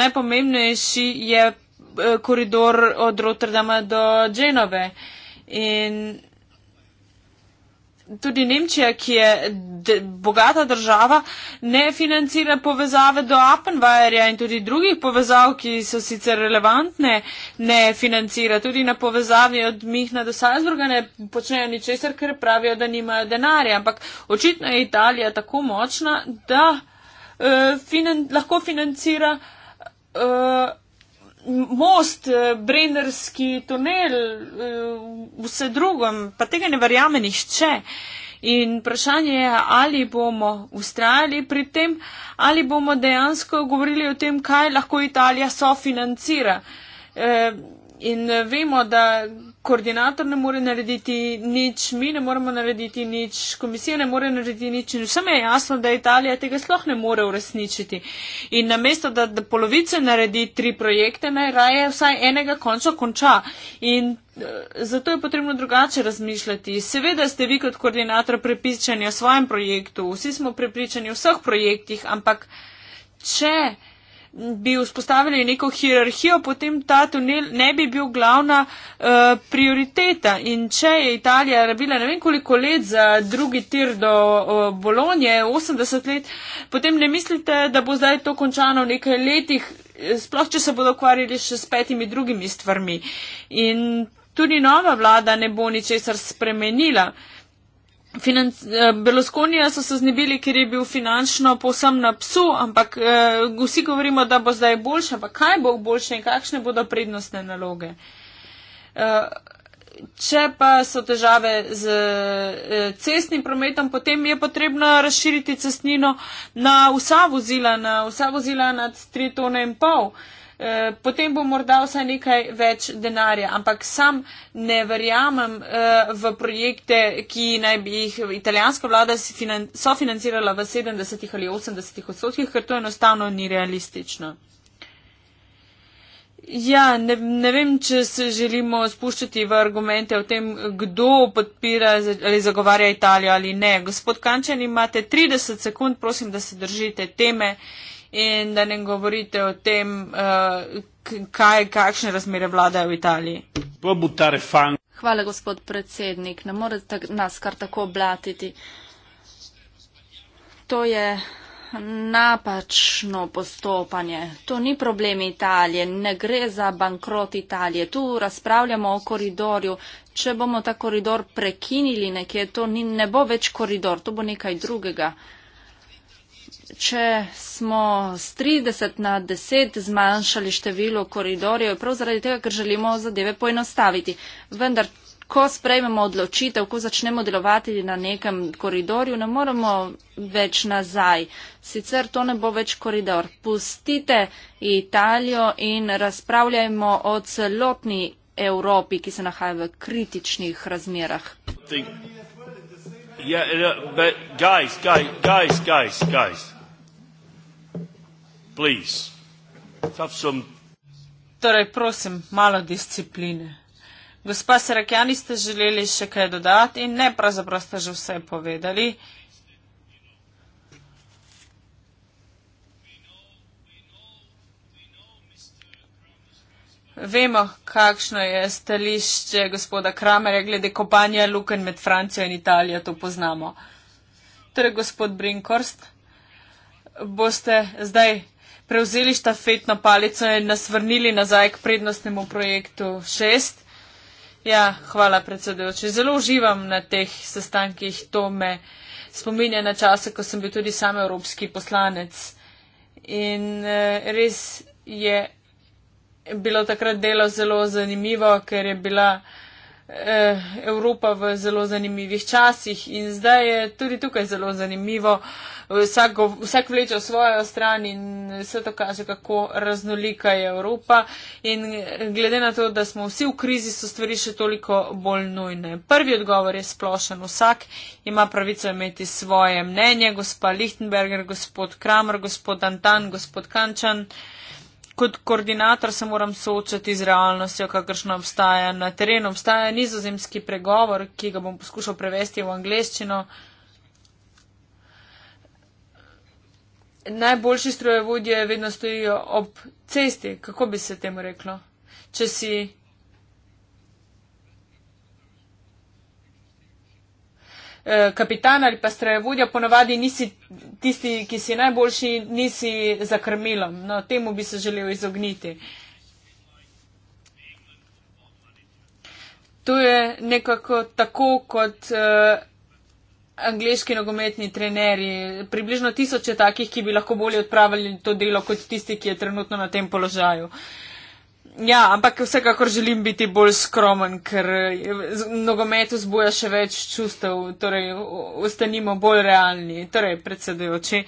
najpomembnejši je eh, koridor od Rotterdama do Dženove. In tudi Nemčija, ki je de, bogata država, ne financira povezave do Appenweierja in tudi drugih povezav, ki so sicer relevantne, ne financira. Tudi na povezavi od Mihna do Salzburga ne počnejo ničesar, ker pravijo, da nimajo denarja. Ampak očitno je Italija tako močna, da uh, finan, lahko financira. Uh, most, eh, brendarski tunel, eh, vse drugo, pa tega ne verjame nišče. In vprašanje je, ali bomo ustrajali pri tem, ali bomo dejansko govorili o tem, kaj lahko Italija sofinancira. Eh, in vemo, da koordinator ne more narediti nič, mi ne moremo narediti nič, komisija ne more narediti nič in vsem je jasno, da Italija tega sploh ne more uresničiti. In namesto, da, da polovice naredi tri projekte, naj raje vsaj enega končno konča. In eh, Zato je potrebno drugače razmišljati. Seveda ste vi kot koordinator prepričani o svojem projektu, vsi smo prepričani o vseh projektih, ampak če bi vzpostavili neko hierarhijo, potem ta tunel ne bi bil glavna uh, prioriteta. In če je Italija rabila ne vem koliko let za drugi tir do uh, Bolonje, 80 let, potem ne mislite, da bo zdaj to končano v nekaj letih, eh, sploh če se bodo ukvarjali še s petimi drugimi stvarmi. In tudi nova vlada ne bo ničesar spremenila. Uh, Financ eh, Belosconija so se znebili, ker je bil finančno povsem na psu, ampak eh, vsi govorimo, da bo zdaj boljše, ampak kaj bo boljše in kakšne bodo prednostne naloge. Eh, če pa so težave z eh, cestnim prometom, potem je potrebno razširiti cestnino na vsa vozila, na vsa vozila nad 3 tone in pol. Eh, Eh, potem bo morda vsaj nekaj več denarja, ampak sam ne verjamem eh, v projekte, ki naj bi jih italijanska vlada sofinancirala v 70 ali 80 odstotkih, ker to enostavno ni realistično. Ja, ne, ne vem, če se želimo spuščati v argumente o tem, kdo podpira ali zagovarja Italijo ali ne. Gospod Kančan, imate 30 sekund, prosim, da se držite teme. Uh, in da ne govorite o tem, eh, kaj, kakšne razmere vladajo v Italiji. Hvala, gospod predsednik. Ne morete nas kar tako blatiti. To je napačno postopanje. To ni problem Italije. Ne gre za bankrot Italije. Tu razpravljamo o koridorju. Če bomo ta koridor prekinili nekje, to ni, ne bo več koridor, to bo nekaj drugega če smo s 30 na 10 zmanjšali število koridorjev, prav zaradi tega, ker želimo zadeve poenostaviti. Vendar, ko sprejmemo odločitev, ko začnemo delovati na nekem koridorju, ne moremo več nazaj. Sicer to ne bo več koridor. Pustite Italijo in razpravljajmo o celotni Evropi, ki se nahaja v kritičnih razmerah. Think. Ja, yeah, ja, but guys, guys, guys, guys, guys. Some... Torej, prosim, malo discipline. Gospa Serakjani, ste želeli še kaj dodati in ne, pravzaprav ste že vse povedali. Vemo, kakšno je stališče gospoda Kramerja glede kopanja luken med Francijo in Italijo, to poznamo. Torej, gospod Brinkhorst, boste zdaj prevzeli štafetno palico in nas vrnili nazaj k prednostnemu projektu 6. Ja, hvala predsedujoči. Zelo uživam na teh sestankih. To me spominja na čase, ko sem bil tudi sam evropski poslanec. In eh, res je bilo takrat delo zelo zanimivo, ker je bila. Eh, Evropa v zelo zanimivih časih in zdaj je tudi tukaj zelo zanimivo. Uh, vsak, vsak vleče v svojo stran in vse to kaže, kako raznolika je Evropa. In glede na to, da smo vsi v krizi, so stvari še toliko bolj nujne. Prvi odgovor je splošen. Vsak ima pravico imeti svoje mnenje. Gospa Lichtenberger, gospod Kramer, gospod Antan, gospod Kančan. Kot koordinator se moram soočati z realnostjo, kakršna obstaja na terenu. Obstaja nizozemski pregovor, ki ga bom poskušal prevesti v angleščino. najboljši strojevodje vedno stojijo ob cesti, kako bi se temu reklo. Če si. Eh, kapitan ali pa strojevodja, ponovadi nisi tisti, ki si najboljši, nisi za krmilom. No, temu bi se želel izogniti. To je nekako tako, kot uh, angliški nogometni trenerji, približno tisoče takih, ki bi lahko bolje odpravili to delo kot tisti, ki je trenutno na tem položaju. Ja, ampak vsekakor želim biti bolj skromen, ker nogomet vzbuja še več čustev, torej ostanimo bolj realni, torej predsedujoči.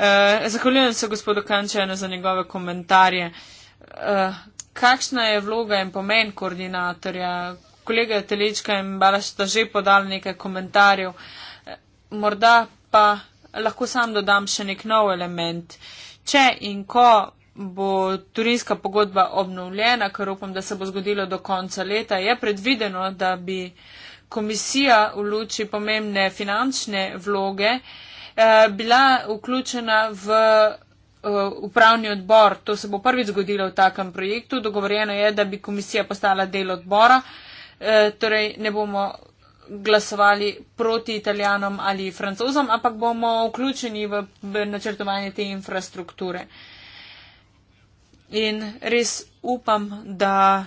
Eh, zahvaljujem se gospodu Kančajnu za njegove komentarje. Eh, kakšna je vloga in pomen koordinatorja? Kolega Telečka in Balašta že podali nekaj komentarjev. Eh, morda pa lahko sam dodam še nek nov element. Če in ko bo turinska pogodba obnovljena, kar upam, da se bo zgodilo do konca leta, je predvideno, da bi komisija v luči pomembne finančne vloge eh, bila vključena v eh, upravni odbor. To se bo prvič zgodilo v takem projektu. Dogovorjeno je, da bi komisija postala del odbora. Eh, torej ne bomo glasovali proti italijanom ali francozom, ampak bomo vključeni v načrtovanje te infrastrukture. In res upam, da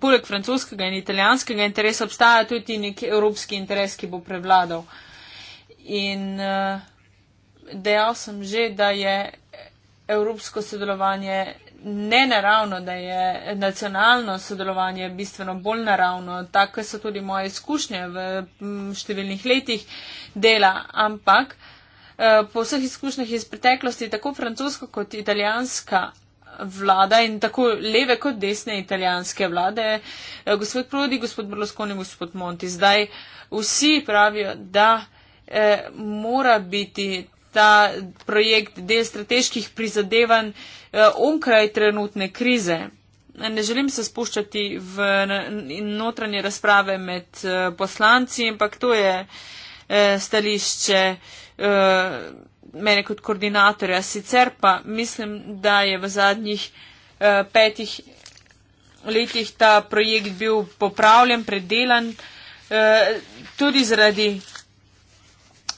poleg francoskega in italijanskega interesa obstaja tudi nek evropski interes, ki bo prevladal. In eh, dejal sem že, da je evropsko sodelovanje ne naravno, da je nacionalno sodelovanje bistveno bolj naravno. Take so tudi moje izkušnje v številnih letih dela, ampak eh, po vseh izkušnjah iz preteklosti tako francoska kot italijanska vlada in tako leve kot desne italijanske vlade, eh, gospod Prodi, gospod Brloskoni, gospod Monti, zdaj vsi pravijo, da. Eh, mora biti ta projekt del strateških prizadevanj eh, onkraj trenutne krize. Ne želim se spuščati v notranje razprave med eh, poslanci, ampak to je eh, stališče mene kot koordinatorja. Sicer pa mislim, da je v zadnjih petih letih ta projekt bil popravljen, predelan, tudi zaradi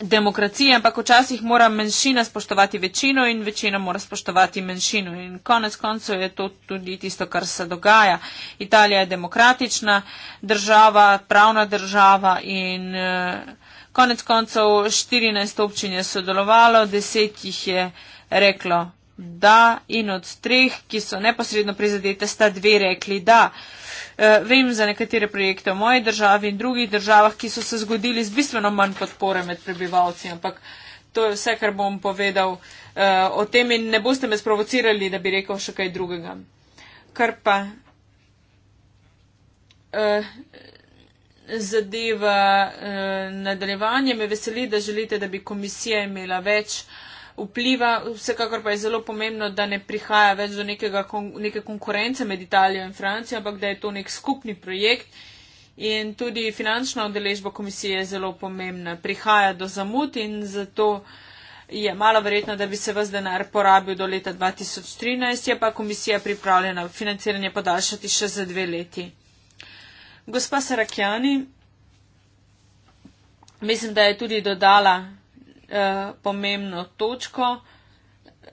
demokracije, ampak včasih mora manjšina spoštovati večino in večina mora spoštovati manjšino. In konec koncev je to tudi tisto, kar se dogaja. Italija je demokratična država, pravna država in eh, konec koncev 14 občin je sodelovalo, 10 jih je reklo da in od treh, ki so neposredno prizadete, sta dve rekli da. Uh, Eh, vem za nekatere projekte v moji državi in drugih državah, ki so se zgodili z bistveno manj podpore med prebivalci, ampak to je vse, kar bom povedal eh, o tem in ne boste me sprovocirali, da bi rekel še kaj drugega. Kar pa eh, zadeva eh, nadaljevanje, me veseli, da želite, da bi komisija imela več eh, vpliva, vsekakor pa je zelo pomembno, da ne prihaja več do nekega, neke konkurence med Italijo in Francijo, ampak da je to nek skupni projekt. In tudi finančna odeležba komisije je zelo pomembna. Prihaja do zamud in zato je malo verjetno, da bi se vse denar porabil do leta 2013, je pa komisija pripravljena financiranje podaljšati še za dve leti. Gospa Sarakjani, mislim, da je tudi dodala Eh, pomembno točko.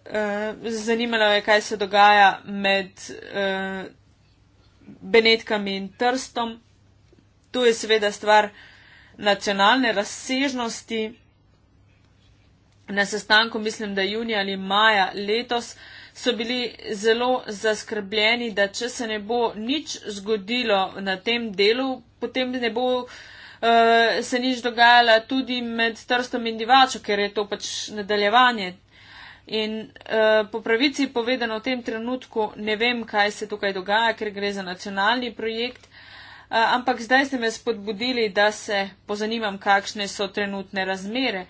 Eh, zanimalo je, kaj se dogaja med eh, Benetkami in Trstom. Tu je seveda stvar nacionalne razsežnosti. Na sestanku, mislim, da junija ali maja letos, so bili zelo zaskrbljeni, da če se ne bo nič zgodilo na tem delu, potem ne bo uh, Eh, se niž dogajala tudi med Trstom in Divačo, ker je to pač nadaljevanje. In uh, po pravici povedano v tem trenutku ne vem, kaj se tukaj dogaja, ker gre za nacionalni projekt, uh, ampak zdaj ste me spodbudili, da se pozanimam, kakšne so trenutne razmere.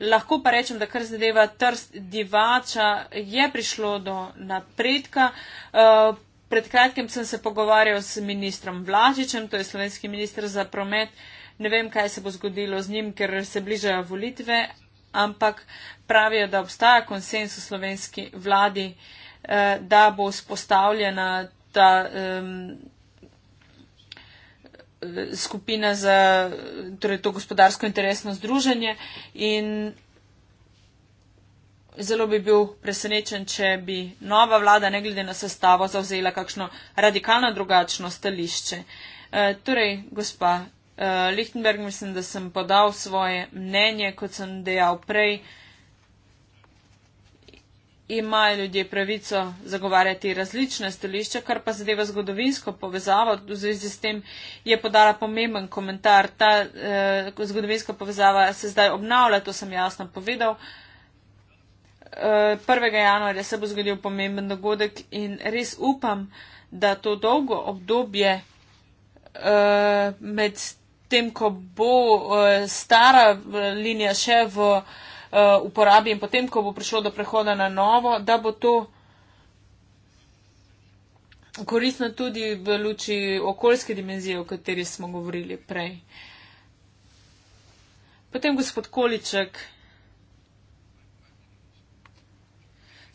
Lahko pa rečem, da kar zadeva trst divača, je prišlo do napredka. Uh, Pred kratkim sem se pogovarjal s ministrom Vlažičem, to je slovenski ministr za promet, uh, ne vem, kaj se bo zgodilo z njim, ker se bližajo volitve, ampak pravijo, da obstaja konsens v slovenski vladi, eh, da bo spostavljena ta um, skupina za torej to gospodarsko interesno združenje in zelo bi bil presenečen, če bi nova vlada, ne glede na sestavo, zavzela kakšno radikalno drugačno stališče. E, torej, gospa uh, Lichtenberg, mislim, da sem podal svoje mnenje, kot sem dejal prej. Imajo ljudje pravico zagovarjati različne stališča, kar pa zadeva zgodovinsko povezavo. V zvezi s tem je podala pomemben komentar. Ta uh, zgodovinska povezava se zdaj obnavlja, to sem jasno povedal. Eh, prvega januarja se bo zgodil pomemben dogodek in res upam, da to dolgo obdobje uh, med potem, ko bo eh, stara eh, linija še v eh, uporabi in potem, ko bo prišlo do prehoda na novo, da bo to koristno tudi v luči okoljske dimenzije, o kateri smo govorili prej. Potem gospod Količek.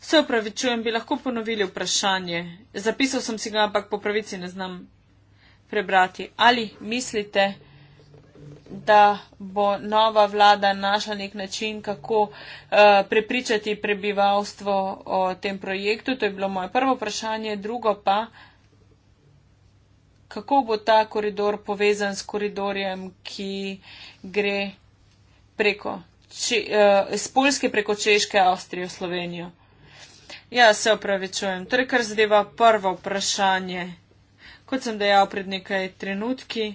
Se upravičujem, bi lahko ponovili vprašanje. Zapisal sem si ga, ampak po pravici ne znam prebrati. Ali mislite, da da bo nova vlada našla nek način, kako uh, prepričati prebivalstvo o tem projektu. To je bilo moje prvo vprašanje. Drugo pa, kako bo ta koridor povezan s koridorjem, ki gre preko, če, uh, eh, z Poljske preko Češke, Avstrijo, Slovenijo. Ja, se opravičujem. Torej, kar zadeva prvo vprašanje. Kot sem dejal pred nekaj trenutki,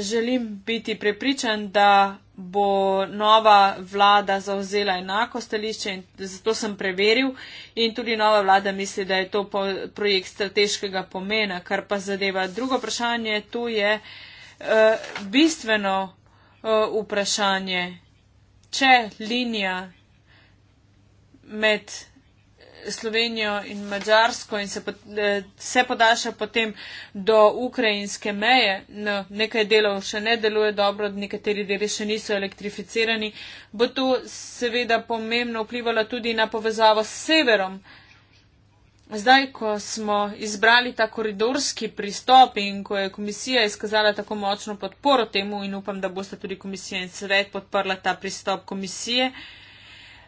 želim biti prepričan, da bo nova vlada zauzela enako stališče in zato sem preveril in tudi nova vlada misli, da je to projekt strateškega pomena, kar pa zadeva. Drugo vprašanje tu je eh, bistveno eh, vprašanje, če linija med Slovenijo in Mačarsko in se, pod, eh, se podaša potem do ukrajinske meje. No, nekaj delov še ne deluje dobro, nekateri deli še niso elektrificirani. Bo to seveda pomembno vplivalo tudi na povezavo s severom. Zdaj, ko smo izbrali ta koridorski pristop in ko je komisija izkazala tako močno podporo temu in upam, da boste tudi komisija in svet podprla ta pristop komisije, uh,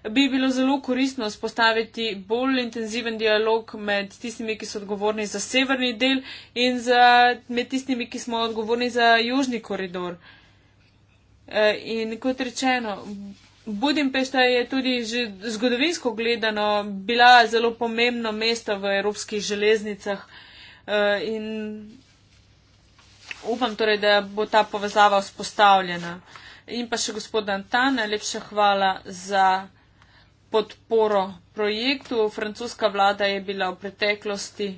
bi bilo zelo koristno spostaviti bolj intenziven dialog med tistimi, ki so odgovorni za severni del in za, med tistimi, ki smo odgovorni za južni koridor. E, in kot rečeno, Budimpešta je tudi že zgodovinsko gledano bila zelo pomembno mesto v evropskih železnicah e, in upam torej, da bo ta povezava vzpostavljena. In pa še gospod Antan, lepša hvala za podporo projektu. Francoska vlada je bila v preteklosti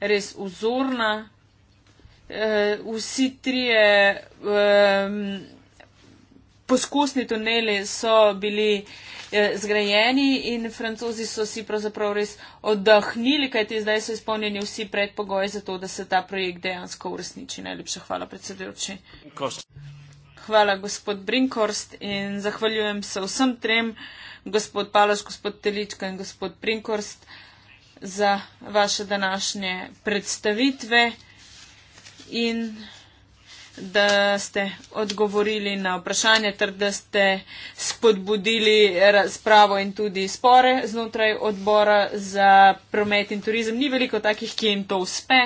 res vzorna. Eh, vsi trije ehm, poskusni tuneli so bili eh, zgrajeni in francozi so si pravzaprav res oddahnili, kajti zdaj so izpolnjeni vsi predpogoji za to, da se ta projekt dejansko uresniči. Najlepša hvala, predsedujoči. Hvala, gospod Brinkhorst in zahvaljujem se vsem trem gospod Paloš, gospod Telička in gospod Prinkorst za vaše današnje predstavitve in da ste odgovorili na vprašanje ter da ste spodbudili razpravo in tudi spore znotraj odbora za promet in turizem. Ni veliko takih, ki jim to uspe,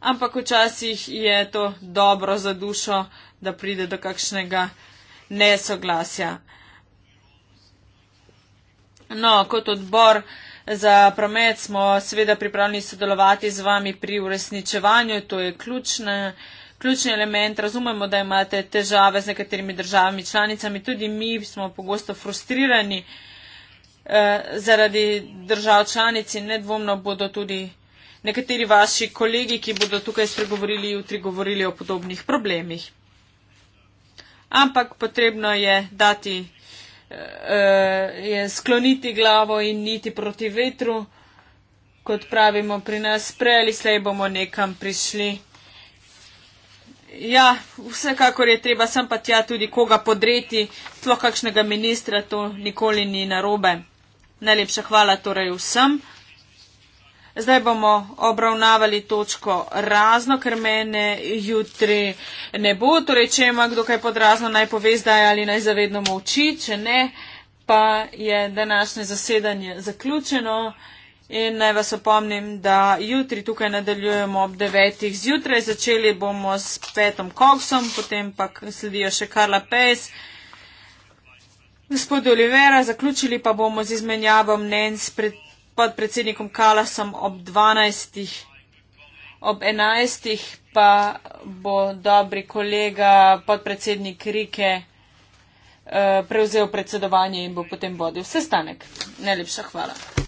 ampak včasih je to dobro za dušo, da pride do kakšnega nesoglasja. No, kot odbor za promet smo seveda pripravljeni sodelovati z vami pri uresničevanju, to je ključne, ključni element. Razumemo, da imate težave z nekaterimi državami članicami, tudi mi smo pogosto frustrirani eh, zaradi držav članici, nedvomno bodo tudi. Nekateri vaši kolegi, ki bodo tukaj spregovorili jutri, govorili o podobnih problemih. Ampak potrebno je dati uh, je skloniti glavo in niti proti vetru, kot pravimo pri nas, prej ali slej bomo nekam prišli. Ja, vsekakor je treba sem pa tja tudi koga podreti, tlo kakšnega ministra, to nikoli ni narobe. Najlepša hvala torej vsem. Zdaj bomo obravnavali točko razno, ker mene jutri ne bo. Torej, če ima kdo kaj podrazno, naj pove zdaj ali naj zavedno molči, če ne, pa je današnje zasedanje zaključeno. In naj vas opomnim, da jutri tukaj nadaljujemo ob devetih zjutraj. Začeli bomo s petom koksom, potem pa sledijo še Karla Pes. Gospod Olivera, zaključili pa bomo z izmenjavom mnen s pred pod predsednikom Kalasom ob 12. Ob 11. pa bo dobri kolega podpredsednik Rike eh, prevzel predsedovanje in bo potem vodil sestanek. Najlepša hvala.